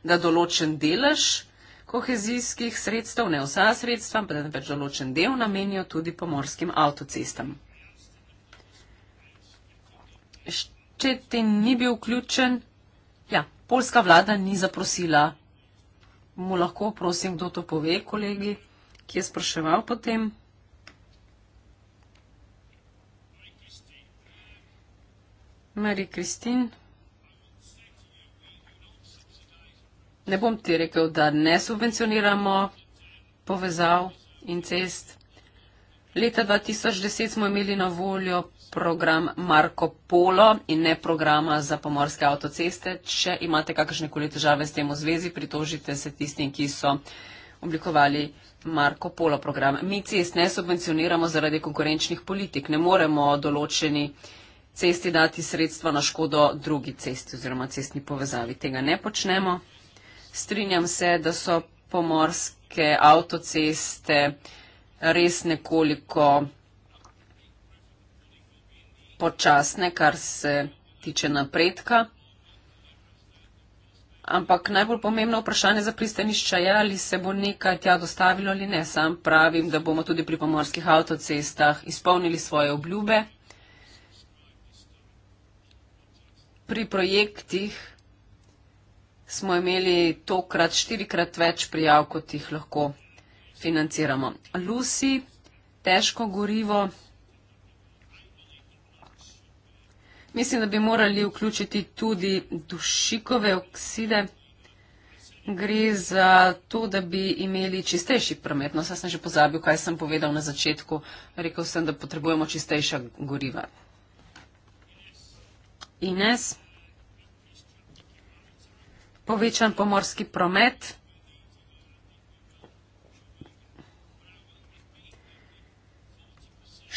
da določen delež kohezijskih sredstev, ne vsa sredstva, ampak da pač določen del namenijo tudi pomorskim avtocestam. Če te ni bil vključen, Polska vlada ni zaprosila. Mu lahko, prosim, kdo to pove, kolegi, ki je spraševal potem. Mary Kristin. Ne bom ti rekel, da ne subvencioniramo povezav in cest. Leta 2010 smo imeli na voljo program Marko Polo in ne programa za pomorske avtoceste. Če imate kakršne koli težave s tem v zvezi, pritožite se tistim, ki so oblikovali Marko Polo program. Mi cest ne subvencioniramo zaradi konkurenčnih politik. Ne moremo določeni cesti dati sredstva na škodo drugi cesti oziroma cestni povezavi. Tega ne počnemo. Strinjam se, da so pomorske avtoceste res nekoliko počasne, kar se tiče napredka. Ampak najbolj pomembno vprašanje za pristanišča je, ali se bo nekaj tja dostavilo ali ne. Sam pravim, da bomo tudi pri pomorskih avtocestah izpolnili svoje obljube. Pri projektih smo imeli tokrat štirikrat več prijav, kot jih lahko financiramo. Lusi, težko gorivo. Mislim, da bi morali vključiti tudi dušikove okside. Gre za to, da bi imeli čistejši promet. No, sem že pozabil, kaj sem povedal na začetku. Rekel sem, da potrebujemo čistejša goriva. Ines, povečan pomorski promet.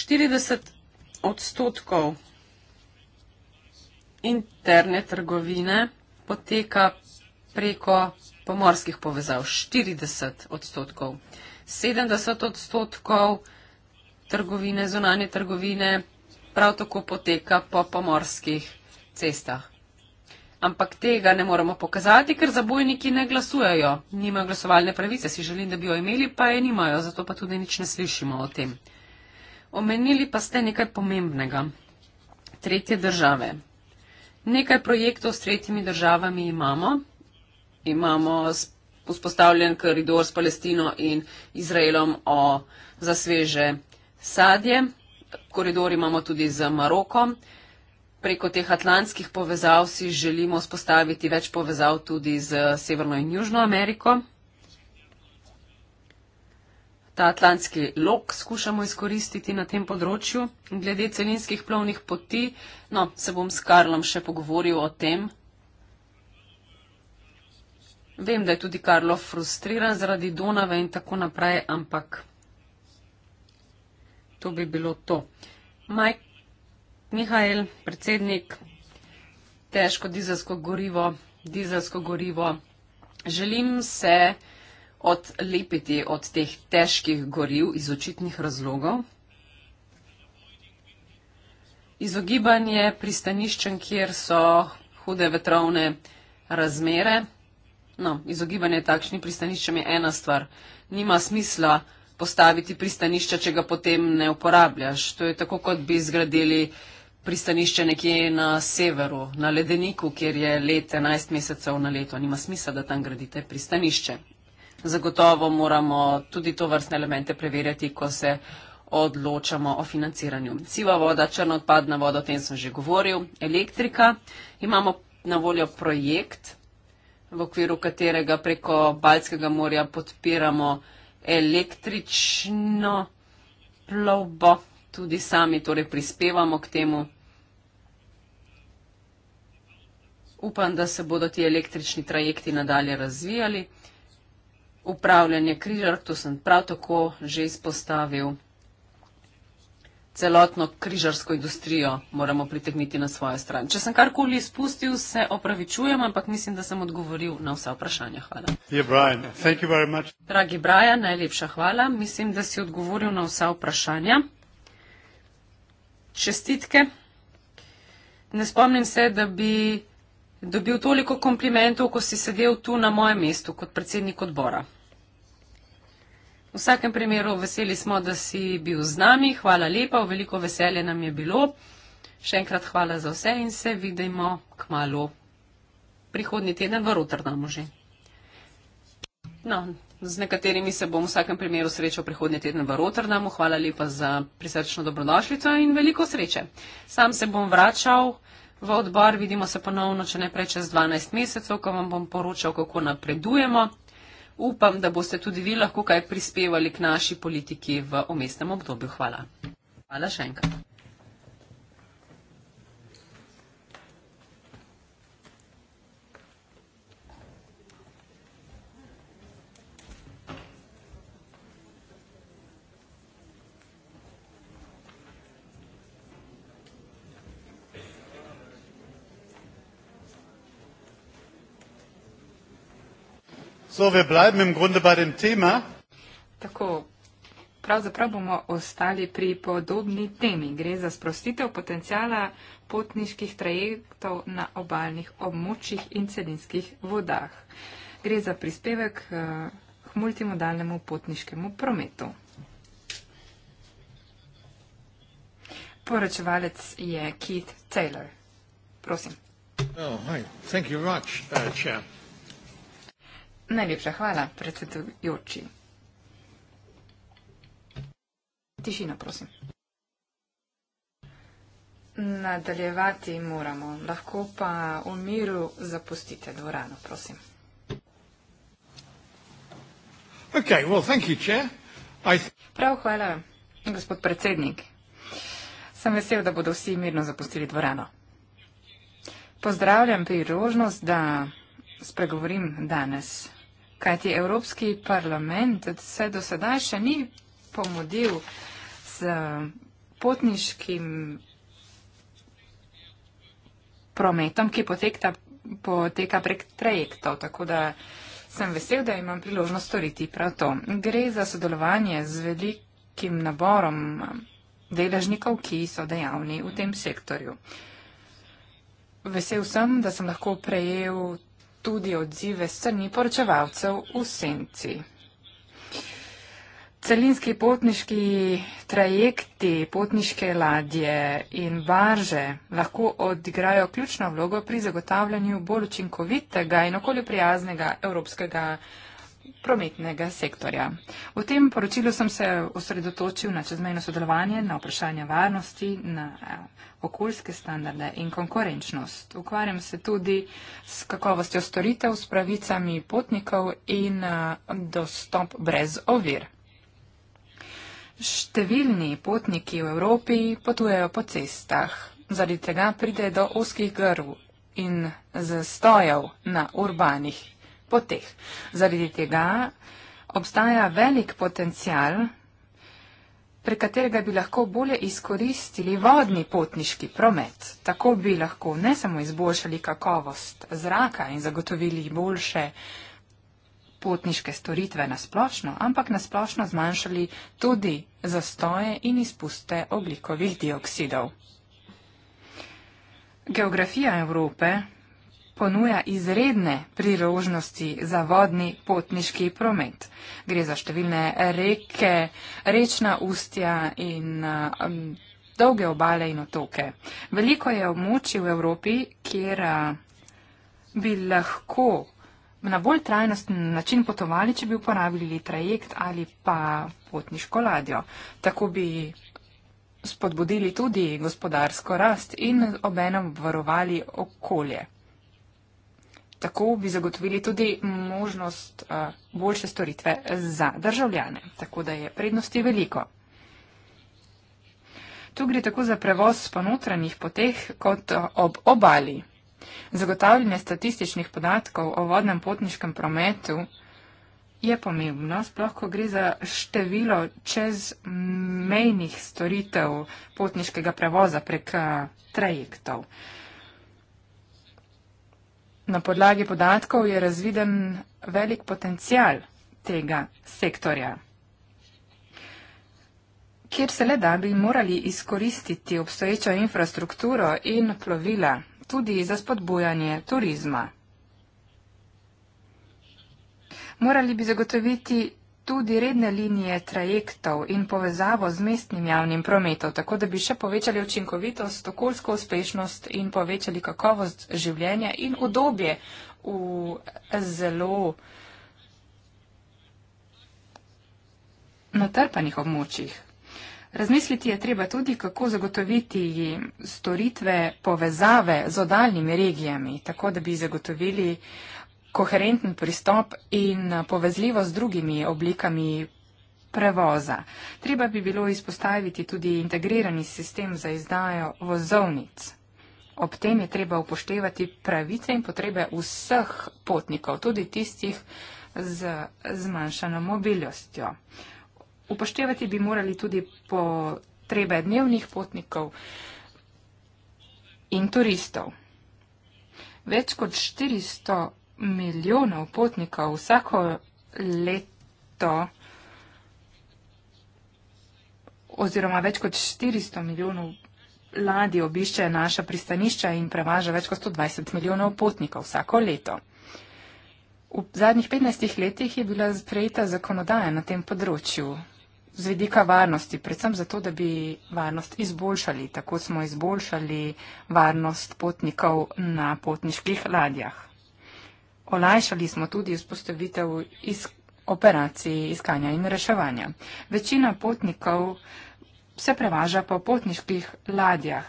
40 odstotkov interne trgovine poteka preko pomorskih povezav. 40 odstotkov. 70 odstotkov trgovine, zunanje trgovine prav tako poteka po pomorskih cestah. Ampak tega ne moramo pokazati, ker zabojniki ne glasujejo. Nimajo glasovalne pravice, si želim, da bi jo imeli, pa je nimajo, zato pa tudi nič ne slišimo o tem. Omenili pa ste nekaj pomembnega. Tretje države. Nekaj projektov s tretjimi državami imamo. Imamo vzpostavljen koridor s Palestino in Izraelom o, za sveže sadje. Koridor imamo tudi z Maroko. Preko teh atlantskih povezav si želimo vzpostaviti več povezav tudi z Severno in Južno Ameriko ta atlantski lok skušamo izkoristiti na tem področju. Glede celinskih plovnih poti, no, se bom s Karlom še pogovoril o tem. Vem, da je tudi Karlo frustriran zaradi Donave in tako naprej, ampak to bi bilo to. Mike Mihajl, predsednik, težko dizelsko gorivo, dizelsko gorivo. Želim se, odlepiti od teh težkih goriv iz očitnih razlogov. Izogibanje pristaniščem, kjer so hude vetrovne razmere. No, izogibanje takšnim pristaniščem je ena stvar. Nima smisla postaviti pristanišča, če ga potem ne uporabljaš. To je tako, kot bi zgradili pristanišče nekje na severu, na ledeniku, kjer je let 11 mesecev na leto. Nima smisla, da tam gradite pristanišče zagotovo moramo tudi to vrstne elemente preverjati, ko se odločamo o financiranju. Siva voda, črna odpadna voda, o tem sem že govoril, elektrika. Imamo na voljo projekt, v okviru katerega preko Baljskega morja podpiramo električno plovbo. Tudi sami torej prispevamo k temu. Upam, da se bodo ti električni trajekti nadalje razvijali upravljanje križark, to sem prav tako že izpostavil. Celotno križarsko industrijo moramo pritegniti na svojo stran. Če sem karkoli izpustil, se opravičujem, ampak mislim, da sem odgovoril na vsa vprašanja. Hvala. Yeah, Dragi Brian, najlepša hvala. Mislim, da si odgovoril na vsa vprašanja. Čestitke. Ne spomnim se, da bi dobil toliko komplimentov, ko si sedel tu na mojem mestu kot predsednik odbora. V vsakem primeru veseli smo, da si bil z nami. Hvala lepa, veliko veselje nam je bilo. Še enkrat hvala za vse in se vidimo k malu prihodni teden v Rotterdamu že. No, z nekaterimi se bom v vsakem primeru srečal prihodnji teden v Rotterdamu. Hvala lepa za prisrčno dobrodošljico in veliko sreče. Sam se bom vračal v odbor, vidimo se ponovno, če ne prej čez 12 mesecev, ko vam bom poročal, kako napredujemo. Upam, da boste tudi vi lahko kaj prispevali k naši politiki v omestnem obdobju. Hvala. Hvala še enkrat. So, wir bleiben im Grunde bei dem Thema. Tako. Pravzaprav bomo ostali pri podobni temi. Gre za sprostitev potencijala potniških trajektov na obaljnih območjih in celinskih vodah. Gre za prispevek eh, k multimodalnemu potniškemu prometu. Poročevalec je Keith Taylor. Prosim. Oh, hi. Thank you very much, uh, chair. Najlepša hvala, predsedujoči. Tišina, prosim. Nadaljevati moramo, lahko pa v miru zapustite dvorano, prosim. Okay, well, thank you, chair. I... Prav, hvala, gospod predsednik. Sem vesel, da bodo vsi mirno zapustili dvorano. Pozdravljam priložnost, da spregovorim danes. Kajti Evropski parlament se do sedaj še ni pomodil z potniškim prometom, ki potekta, poteka prek trajektov. Tako da sem vesel, da imam priložnost storiti prav to. Gre za sodelovanje z velikim naborom deležnikov, ki so dejavni v tem sektorju. Vesel sem, da sem lahko prejel tudi odzive strani poročevalcev v senci. Celinski potniški trajekti, potniške ladje in barže lahko odigrajo ključno vlogo pri zagotavljanju bolj učinkovitega in okoljoprijaznega evropskega prometnega sektorja. V tem poročilu sem se osredotočil na čezmejno sodelovanje, na vprašanje varnosti, na eh, okoljske standarde in konkurenčnost. Ukvarjam se tudi s kakovostjo storitev, s pravicami potnikov in eh, dostop brez ovir. Številni potniki v Evropi potujejo po cestah, zaradi tega pride do oskih grv in zastojev na urbanih poteh. Zaradi tega obstaja velik potencial, pre katerega bi lahko bolje izkoristili vodni potniški promet. Tako bi lahko ne samo izboljšali kakovost zraka in zagotovili boljše potniške storitve na splošno, ampak na splošno zmanjšali tudi zastoje in izpuste oglikovih dioksidov. Geografija Evrope ponuja izredne priložnosti za vodni potniški promet. Gre za številne reke, rečna ustja in um, dolge obale in otoke. Veliko je območij v Evropi, kjer uh, bi lahko na bolj trajnostni način potovali, če bi uporabljali trajekt ali pa potniško ladjo. Tako bi spodbudili tudi gospodarsko rast in obenem varovali okolje. Tako bi zagotovili tudi možnost eh, boljše storitve za državljane, tako da je prednosti veliko. Tu gre tako za prevoz po notranjih poteh kot eh, ob obali. Zagotavljanje statističnih podatkov o vodnem potniškem prometu je pomembno, sploh ko gre za število čezmejnih storitev potniškega prevoza prek eh, trajektov. Na podlagi podatkov je razviden velik potencial tega sektorja, kjer se le da bi morali izkoristiti obstoječo infrastrukturo in plovila tudi za spodbujanje turizma. Morali bi zagotoviti tudi redne linije trajektov in povezavo z mestnim javnim prometom, tako da bi še povečali učinkovitost, okoljsko uspešnost in povečali kakovost življenja in udobje v zelo natrpanih območjih. Razmisliti je treba tudi, kako zagotoviti storitve povezave z odaljnimi regijami, tako da bi zagotovili uh, koherenten pristop in eh, povezljivo z drugimi oblikami prevoza. Treba bi bilo izpostaviti tudi integrirani sistem za izdajo vozovnic. Ob tem je treba upoštevati pravice in potrebe vseh potnikov, tudi tistih z zmanjšano mobilnostjo. Upoštevati bi morali tudi potrebe dnevnih potnikov in turistov. Več kot 400 milijonov potnikov vsako leto oziroma več kot 400 milijonov ladi obišče naša pristanišča in prevaža več kot 120 milijonov potnikov vsako leto. V zadnjih 15 letih je bila sprejeta zakonodaja na tem področju z vidika varnosti, predvsem zato, da bi varnost izboljšali. Tako smo izboljšali varnost potnikov na potniških ladjah. Olajšali smo tudi vzpostavitev iz operacij iskanja in reševanja. Večina potnikov se prevaža po potniških ladjah,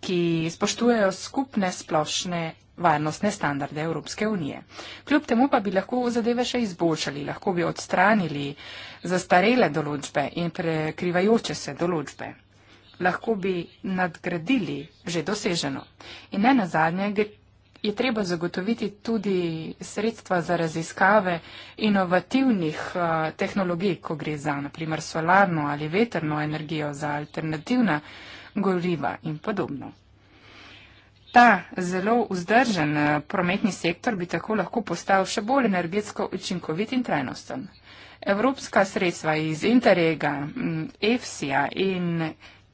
ki spoštujejo skupne splošne varnostne standarde Evropske unije. Kljub temu pa bi lahko zadeve še izboljšali, lahko bi odstranili zastarele določbe in prekrivajoče se določbe. Lahko bi nadgradili že doseženo. In ne na zadnje, je treba zagotoviti tudi sredstva za raziskave inovativnih uh, tehnologij, ko gre za naprimer solarno ali veterno energijo, za alternativna goriva in podobno. Ta zelo vzdržen eh, prometni sektor bi tako lahko postal še bolj energetsko učinkovit in trajnosten. Evropska sredstva iz Interrega, mm, EFSI-ja in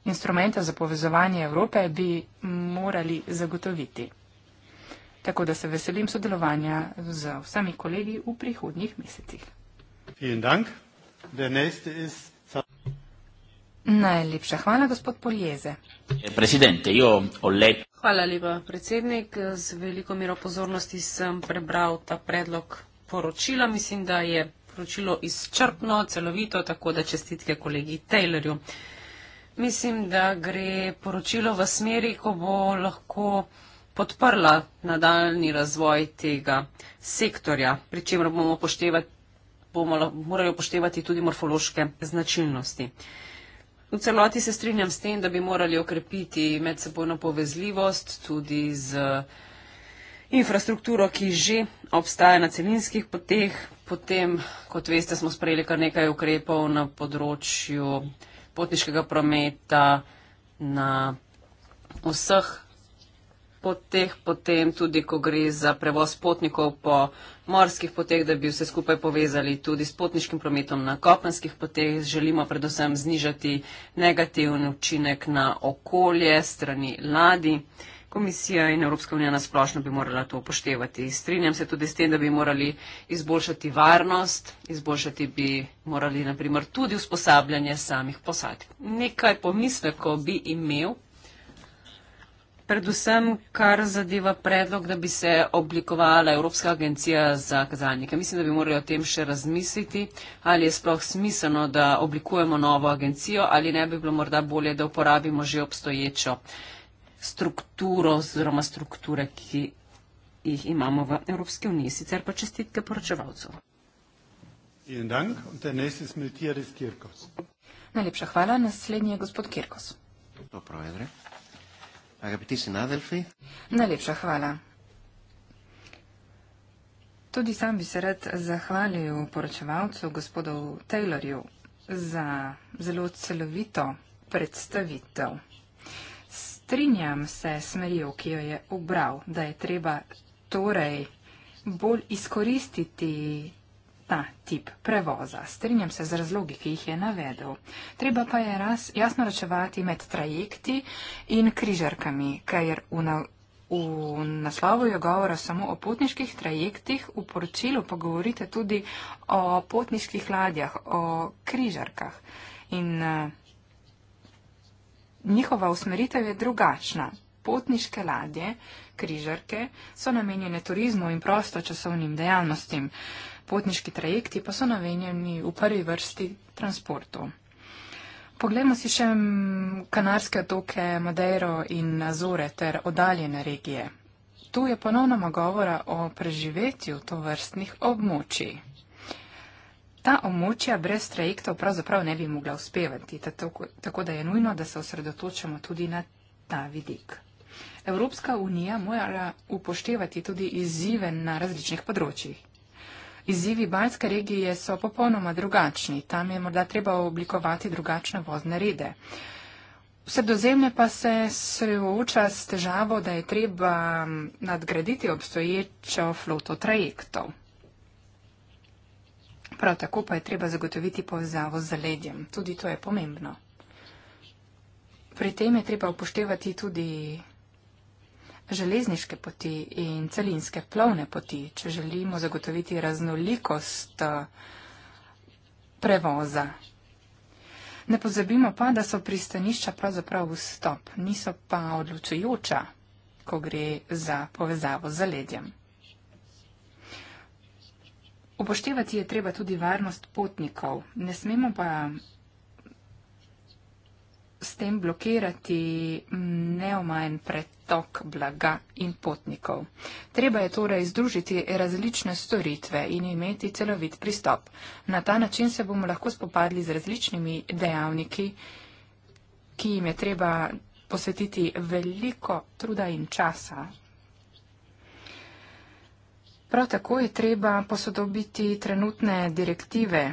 instrumenta za povezovanje Evrope bi morali zagotoviti tako da se veselim sodelovanja z vsemi kolegi v prihodnjih mesecih. Najlepša hvala, gospod Poljeze. Hvala lepa, predsednik. Z veliko mero pozornosti sem prebral ta predlog poročila. Mislim, da je poročilo izčrpno, celovito, tako da čestitke kolegi Taylorju. Mislim, da gre poročilo v smeri, ko bo lahko podprla nadaljni razvoj tega sektorja, pri čemer bomo, bomo morali upoštevati tudi morfološke značilnosti. V celoti se strinjam s tem, da bi morali okrepiti medsebojno povezljivost tudi z infrastrukturo, ki že obstaja na celinskih poteh. Potem, kot veste, smo sprejeli kar nekaj ukrepov na področju potniškega prometa na vseh poteh, potem tudi, ko gre za prevoz potnikov po morskih poteh, da bi vse skupaj povezali tudi s potniškim prometom na kopenskih poteh. Želimo predvsem znižati negativni učinek na okolje strani ladi. Komisija in Evropska unija nasplošno bi morala to upoštevati. Strinjam se tudi s tem, da bi morali izboljšati varnost, izboljšati bi morali naprimer tudi usposabljanje samih posadk. Nekaj pomisle, ko bi imel predvsem kar zadeva predlog, da bi se oblikovala Evropska agencija za kazalnike. Mislim, da bi morali o tem še razmisliti, ali je sploh smiselno, da oblikujemo novo agencijo ali ne bi bilo morda bolje, da uporabimo že obstoječo strukturo oziroma strukture, ki jih imamo v Evropski uniji. Sicer pa čestitke poročevalcev. Najlepša hvala. Naslednji je gospod Kirkos. Dobro, Edre. Agapiti Sinadelfi. Najlepša hvala. Tudi sam bi se rad zahvalil poročevalcu gospodu Taylorju za zelo celovito predstavitev. Strinjam se s merijo, ki jo je obral, da je treba torej bolj izkoristiti ta tip prevoza. Strinjam se z razlogi, ki jih je navedel. Treba pa je raz, jasno račevati med trajekti in križarkami, ker v, na, v naslovu je govora samo o potniških trajektih, v poročilu pa govorite tudi o potniških ladjah, o križarkah. In uh, njihova usmeritev je drugačna. Potniške ladje, križarke, so namenjene turizmu in prostočasovnim dejavnostim. Uh, potniški trajekti pa so navenjeni v prvi vrsti transportu. Poglejmo si še kanarske otoke Madeiro in Nazore ter odaljene regije. Tu je ponovno govora o preživetju tovrstnih območij. Ta območja brez trajektov pravzaprav ne bi mogla uspevati, tako, tako da je nujno, da se osredotočamo tudi na ta vidik. Evropska unija mora upoštevati tudi izzive na različnih področjih Izzivi Baljske regije so popolnoma drugačni, tam je morda treba oblikovati drugačne vozne rede. Sredozemlje pa se sreoča s težavo, da je treba nadgraditi obstoječo floto trajektov. Prav tako pa je treba zagotoviti povezavo z zaledjem. Tudi to je pomembno. Pri tem je treba upoštevati tudi železniške poti in celinske plovne poti, če želimo zagotoviti raznolikost eh, prevoza. Ne pozabimo pa, da so pristanišča pravzaprav vstop, niso pa odločujoča, ko gre za povezavo z zaledjem. Upoštevati je treba tudi varnost potnikov. Ne smemo pa s tem blokirati mm, neomajen pretok blaga in potnikov. Treba je torej združiti različne storitve in imeti celovit pristop. Na ta način se bomo lahko spopadli z različnimi dejavniki, ki jim je treba posvetiti veliko truda in časa. Prav tako je treba posodobiti trenutne direktive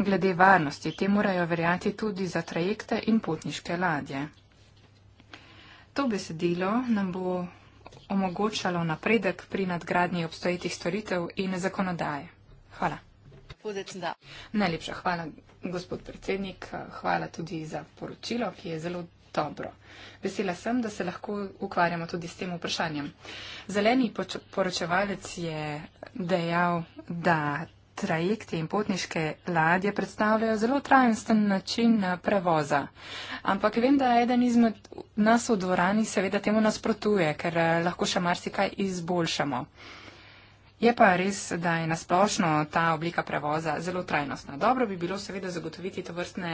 Glede varnosti, te morajo verjati tudi za trajekte in potniške ladje. To besedilo nam bo omogočalo napredek pri nadgradnji obstoječih storitev in zakonodaje. Hvala. Najlepša hvala, gospod predsednik. Hvala tudi za poročilo, ki je zelo dobro. Vesela sem, da se lahko ukvarjamo tudi s tem vprašanjem. Zeleni poročevalec je dejal, da trajekti in potniške ladje predstavljajo zelo trajnosten način eh, prevoza. Ampak vem, da eden izmed nas v dvorani seveda temu nasprotuje, ker eh, lahko še marsikaj izboljšamo. Je pa res, da je nasplošno ta oblika prevoza zelo trajnostna. Dobro bi bilo seveda zagotoviti to vrstne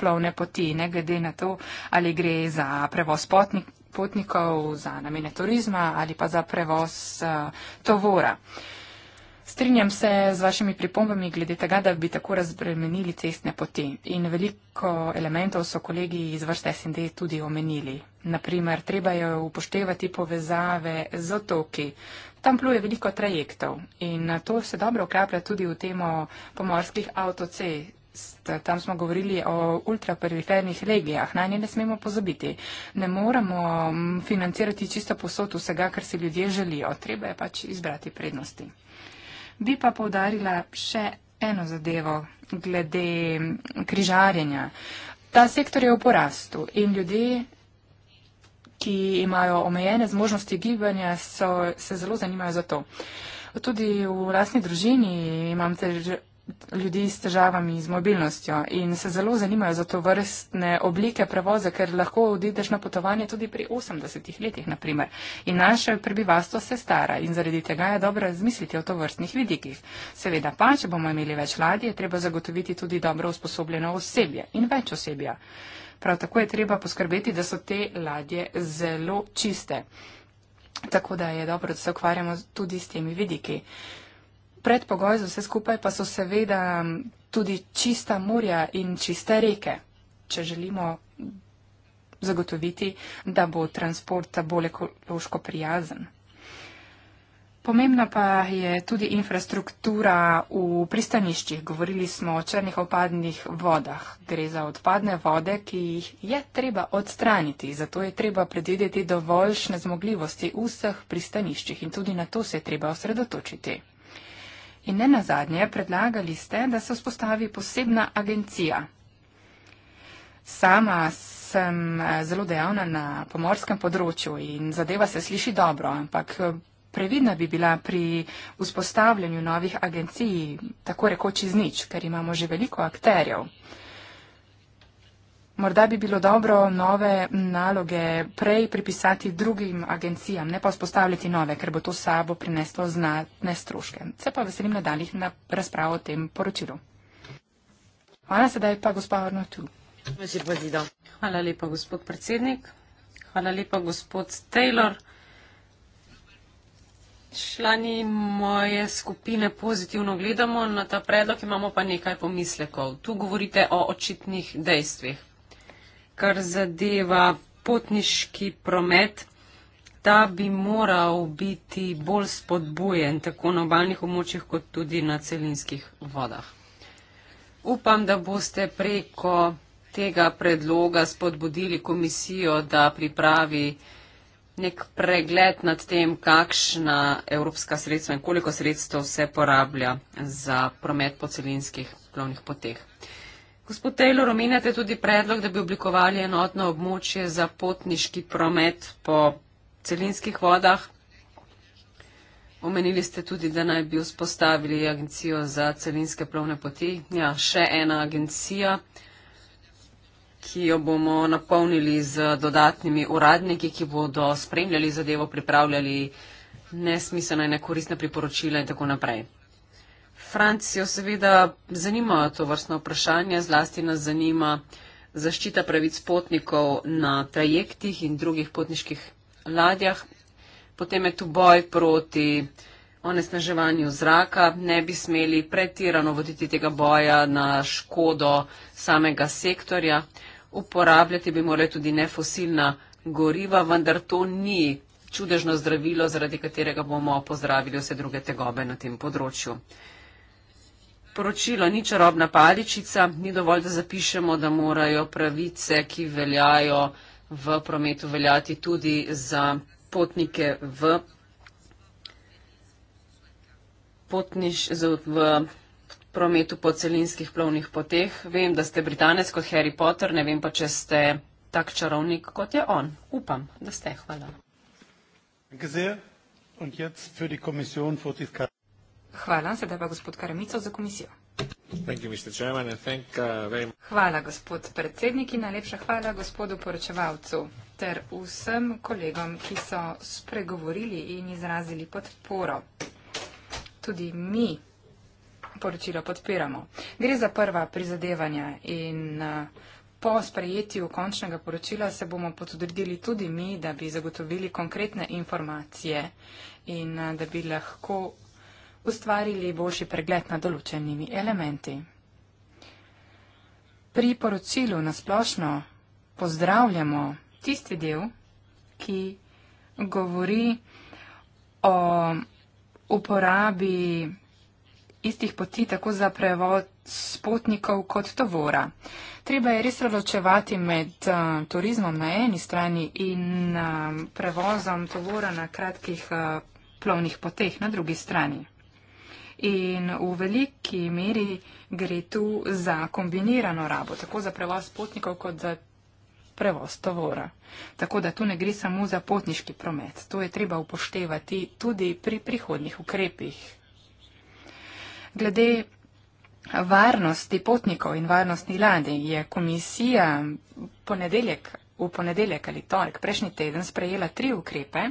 plovne poti, ne glede na to, ali gre za prevoz potnik, potnikov, za namene turizma ali pa za prevoz uh, tovora. Uh, Strinjam se z vašimi pripombami glede tega, da bi tako razbremenili cestne poti. In veliko elementov so kolegi iz vrste SND tudi omenili. Naprimer, treba je upoštevati povezave z otoki. Tam pluje veliko trajektov in to se dobro ukraplja tudi v temo pomorskih avtocest. Tam smo govorili o ultraperifernih regijah. Na nje ne smemo pozabiti. Ne moramo mm, financirati čisto posod vsega, kar si ljudje želijo. Treba je pač izbrati prednosti. Bi pa povdarila še eno zadevo glede križarjenja. Ta sektor je v porastu in ljudje, ki imajo omejene zmožnosti gibanja, so, se zelo zanimajo za to. Tudi v lastni družini imam težave ljudi s težavami z mobilnostjo in se zelo zanimajo za to vrstne oblike prevoza, ker lahko odideš na potovanje tudi pri 80 letih, naprimer. In naše prebivalstvo se stara in zaradi tega je dobro razmisliti o to vrstnih vidikih. Seveda pa, če bomo imeli več ladij, je treba zagotoviti tudi dobro usposobljeno osebje in več osebja. Prav tako je treba poskrbeti, da so te ladje zelo čiste. Tako da je dobro, da se ukvarjamo tudi s temi vidiki. Predpogoj za vse skupaj pa so seveda tudi čista morja in čiste reke, če želimo zagotoviti, da bo transport bolj ekološko prijazen. Pomembna pa je tudi infrastruktura v pristaniščih. Govorili smo o črnih opadnih vodah. Gre za odpadne vode, ki jih je treba odstraniti. Zato je treba predvideti dovoljšne zmogljivosti v vseh pristaniščih in tudi na to se je treba osredotočiti. In ne nazadnje, predlagali ste, da se vzpostavi posebna agencija. Sama sem eh, zelo dejavna na pomorskem področju in zadeva se sliši dobro, ampak eh, previdna bi bila pri vzpostavljanju novih agencij tako rekoč iz nič, ker imamo že veliko akterjev morda bi bilo dobro nove naloge prej pripisati drugim agencijam, ne pa vzpostavljati nove, ker bo to sabo prineslo znatne stroške. Se pa veselim nadaljih na razpravo o tem poročilu. Hvala sedaj pa gospa Orno tu. Hvala lepa gospod predsednik. Hvala lepa gospod Taylor. Člani moje skupine pozitivno gledamo na ta predlog, imamo pa nekaj pomislekov. Tu govorite o očitnih dejstvih kar zadeva potniški promet, ta bi moral biti bolj spodbujen tako na obaljnih območjih kot tudi na celinskih vodah. Upam, da boste preko tega predloga spodbudili komisijo, da pripravi nek pregled nad tem, kakšna evropska sredstva in koliko sredstev se porablja za promet po celinskih plovnih poteh. Gospod Taylor, omenjate tudi predlog, da bi oblikovali enotno območje za potniški promet po celinskih vodah. Omenili ste tudi, da naj bi vzpostavili agencijo za celinske plovne poti. Ja, še ena agencija, ki jo bomo napolnili z dodatnimi uradniki, ki bodo spremljali zadevo, pripravljali nesmiselne in nekoristne priporočile in tako naprej. Francijo seveda zanimajo to vrstno vprašanje, zlasti nas zanima zaščita pravic potnikov na trajektih in drugih potniških ladjah. Potem je tu boj proti onesnaževanju zraka. Ne bi smeli pretirano voditi tega boja na škodo samega sektorja. Uporabljati bi morali tudi nefosilna goriva, vendar to ni čudežno zdravilo, zaradi katerega bomo pozdravili vse druge tegobe na tem področju poročilo ni čarobna paličica, ni dovolj, da zapišemo, da morajo pravice, ki veljajo v prometu, veljati tudi za potnike v, potniš, z, v prometu po celinskih plovnih poteh. Vem, da ste britanec kot Harry Potter, ne vem pa, če ste tak čarovnik kot je on. Upam, da ste. Hvala. Gezir. Und jetzt für die Kommission vor die Hvala. Sedaj pa gospod Karamico za komisijo. Uh, hvala, gospod predsednik, in najlepša hvala gospodu poročevalcu ter vsem kolegom, ki so spregovorili in izrazili podporo. Tudi mi poročilo podpiramo. Gre za prva prizadevanja in uh, po sprejetju končnega poročila se bomo potrudili tudi mi, da bi zagotovili konkretne informacije in uh, da bi lahko ustvarili boljši pregled nad določenimi elementi. Pri poročilu nasplošno pozdravljamo tisti del, ki govori o uporabi istih poti tako za prevod spotnikov kot tovora. Treba je res razločevati med uh, turizmom na eni strani in uh, prevozom tovora na kratkih uh, plovnih poteh na drugi strani in v veliki meri gre tu za kombinirano rabo, tako za prevoz potnikov kot za prevoz tovora. Tako da tu ne gre samo za potniški promet, to je treba upoštevati tudi pri prihodnih ukrepih. Glede varnosti potnikov in varnosti ladij je komisija ponedeljek, v ponedeljek ali torek prejšnji teden sprejela tri ukrepe,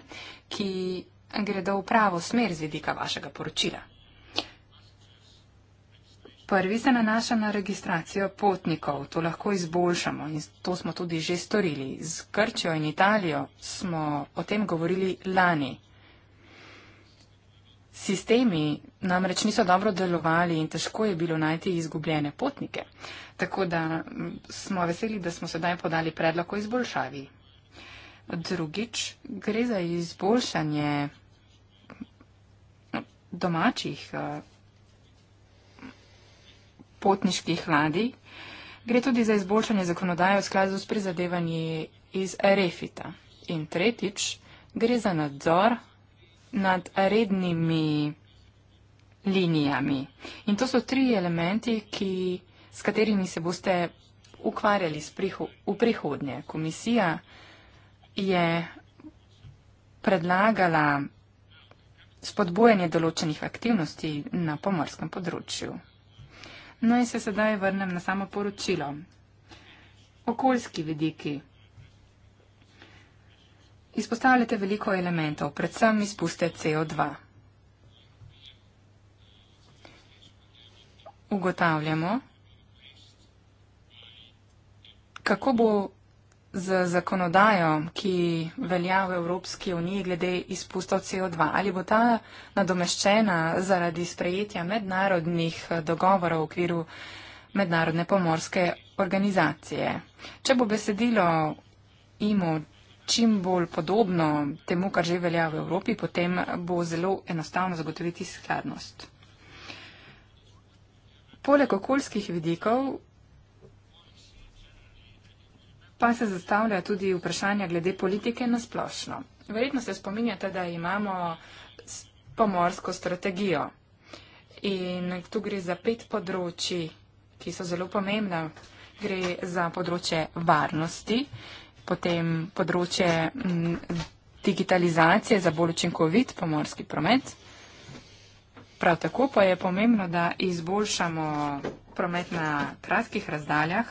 ki gredo v pravo smer z vidika vašega poročila. Prvi se nanaša na registracijo potnikov. To lahko izboljšamo in to smo tudi že storili. Z Grčijo in Italijo smo o tem govorili lani. Sistemi namreč niso dobro delovali in težko je bilo najti izgubljene potnike. Tako da smo veseli, da smo sedaj podali predlog o izboljšavi. Drugič, gre za izboljšanje domačih eh, potniških ladij. Gre tudi za izboljšanje zakonodaje v skladu s prizadevanji iz Refita. In tretjič, gre za nadzor nad rednimi linijami. In to so tri elementi, ki, s katerimi se boste ukvarjali v prihodnje. Komisija je predlagala spodbojanje določenih aktivnosti na pomorskem področju. No in se sedaj vrnem na samo poročilo. Okoljski vidiki. Izpostavljate veliko elementov, predvsem izpuste CO2. Ugotavljamo, kako bo z zakonodajo, ki velja v Evropski uniji glede izpustov CO2? Ali bo ta nadomeščena zaradi sprejetja mednarodnih dogovorov v okviru mednarodne pomorske organizacije? Če bo besedilo IMO čim bolj podobno temu, kar že velja v Evropi, potem bo zelo enostavno zagotoviti skladnost. Poleg okoljskih vidikov pa se zastavljajo tudi vprašanja glede politike na splošno. Verjetno se spominjate, da imamo pomorsko strategijo in tu gre za pet področji, ki so zelo pomembna. Gre za področje varnosti, potem področje digitalizacije za bolj učinkovit pomorski promet. Prav tako pa je pomembno, da izboljšamo promet na kratkih razdaljah.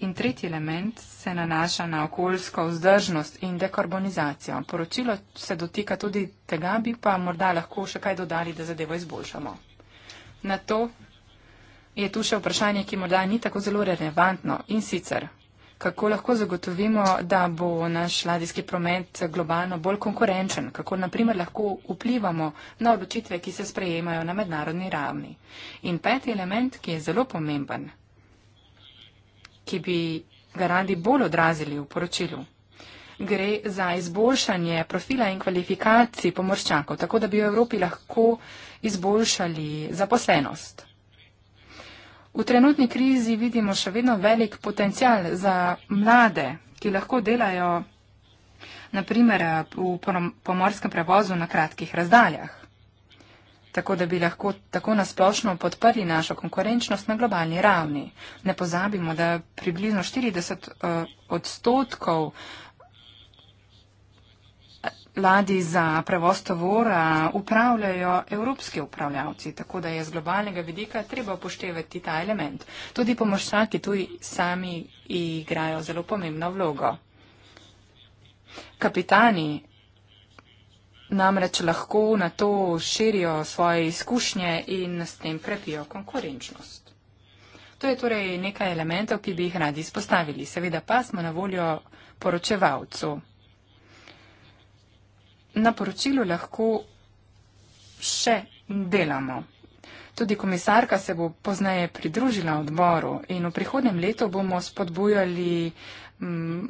In tretji element se nanaša na okoljsko vzdržnost in dekarbonizacijo. Poročilo se dotika tudi tega, bi pa morda lahko še kaj dodali, da zadevo izboljšamo. Na to je tu še vprašanje, ki morda ni tako zelo relevantno in sicer, kako lahko zagotovimo, da bo naš ladijski promet globalno bolj konkurenčen, kako naprimer lahko vplivamo na odločitve, ki se sprejemajo na mednarodni ravni. In peti element, ki je zelo pomemben ki bi ga radi bolj odrazili v poročilu. Gre za izboljšanje profila in kvalifikacij pomorščakov, tako da bi v Evropi lahko izboljšali zaposlenost. V trenutni krizi vidimo še vedno velik potencial za mlade, ki lahko delajo naprimer v pomorskem prevozu na kratkih razdaljah tako da bi lahko tako nasplošno podprli našo konkurenčnost na globalni ravni. Ne pozabimo, da približno 40 eh, odstotkov eh, ladi za prevoz tovora upravljajo evropski upravljavci, tako da je z globalnega vidika treba upoštevati ta element. Tudi pomoščaki tuji sami igrajo zelo pomembno vlogo. Kapitani namreč lahko na to širijo svoje izkušnje in s tem krepijo konkurenčnost. To je torej nekaj elementov, ki bi jih radi izpostavili. Seveda pa smo na voljo poročevalcu. Na poročilu lahko še delamo. Tudi komisarka se bo poznaje pridružila odboru in v prihodnem letu bomo spodbujali. Mm,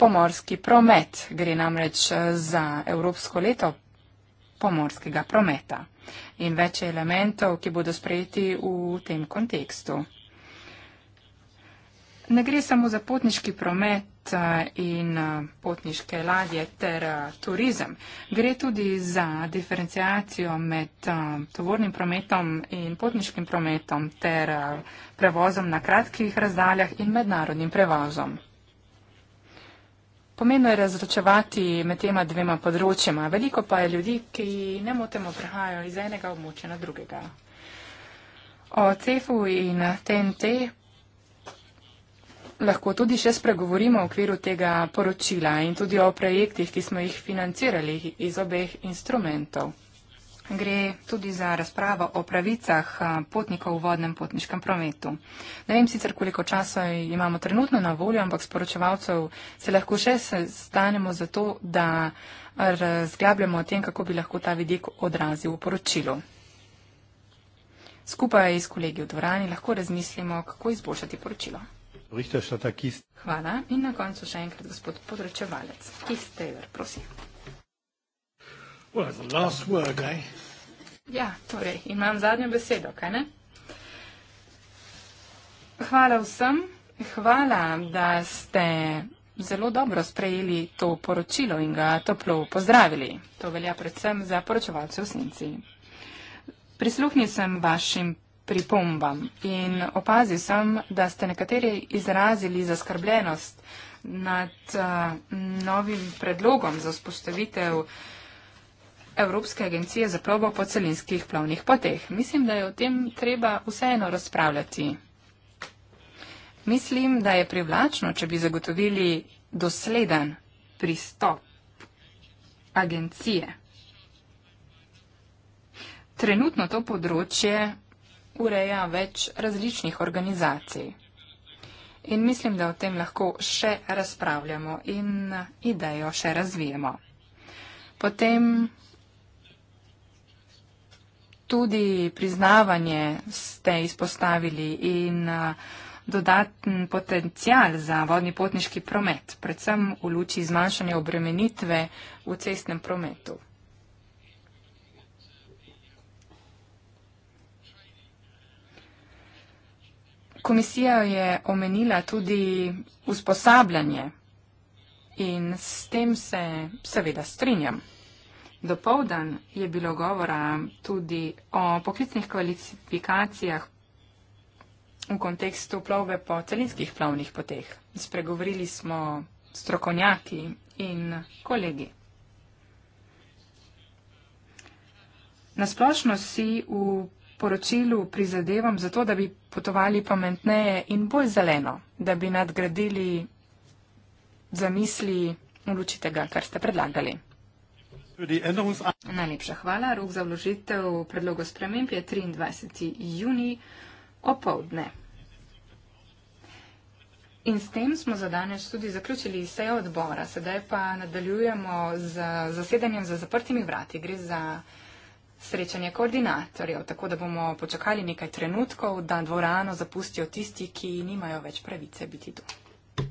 pomorski promet. Gre namreč eh, za Evropsko leto pomorskega prometa in več elementov, ki bodo sprejeti v tem kontekstu. Ne gre samo za potniški promet eh, in eh, potniške ladje ter turizem. Gre tudi za diferencijacijo med tovornim prometom in potniškim prometom ter prevozom na kratkih razdaljah in mednarodnim prevozom. Pomembno je razločevati med tema dvema področjema. Veliko pa je ljudi, ki nemotemo prehajajo iz enega območja na drugega. O CEF-u in TNT lahko tudi še spregovorimo v okviru tega poročila in tudi o projektih, ki smo jih financirali iz obeh instrumentov gre tudi za razpravo o pravicah potnikov v vodnem potniškem prometu. Ne vem sicer, koliko časa imamo trenutno na voljo, ampak sporočevalcev se lahko še stanemo za to, da razglabljamo o tem, kako bi lahko ta vidik odrazil v poročilu. Skupaj s kolegi v dvorani lahko razmislimo, kako izboljšati poročilo. Hvala in na koncu še enkrat gospod podrečevalec. Kistejver, prosim. Well, word, eh? Ja, torej imam zadnjo besedo, kaj ne? Hvala vsem, hvala, da ste zelo dobro sprejeli to poročilo in ga toplo pozdravili. To velja predvsem za poročevalce v Sinci. Prisluhnil sem vašim pripombam in opazil sem, da ste nekateri izrazili zaskrbljenost nad uh, novim predlogom za spostavitev uh, Evropske agencije za plovbo po celinskih plovnih poteh. Mislim, da je o tem treba vseeno razpravljati. Mislim, da je privlačno, če bi zagotovili dosleden pristop agencije. Trenutno to področje ureja več različnih organizacij. In mislim, da o tem lahko še razpravljamo in idejo še razvijemo. Potem tudi priznavanje ste izpostavili in dodaten potencial za vodni potniški promet, predvsem v luči zmanjšanja obremenitve v cestnem prometu. Komisija je omenila tudi usposabljanje in s tem se seveda strinjam. Dopoldan je bilo govora tudi o poklicnih kvalifikacijah v kontekstu plovbe po celinskih plovnih poteh. Spregovorili smo strokovnjaki in kolegi. Nasplošno si v poročilu prizadevam za to, da bi potovali pametneje in bolj zeleno, da bi nadgradili zamisli v luči tega, kar ste predlagali. Najlepša hvala. Rok za vložitev predlogo sprememb je 23. juni opovdne. In s tem smo za danes tudi zaključili sejo odbora. Sedaj pa nadaljujemo z zasedanjem za zaprtimi vrati. Gre za srečanje koordinatorjev, tako da bomo počakali nekaj trenutkov, da dvorano zapustijo tisti, ki nimajo več pravice biti tu.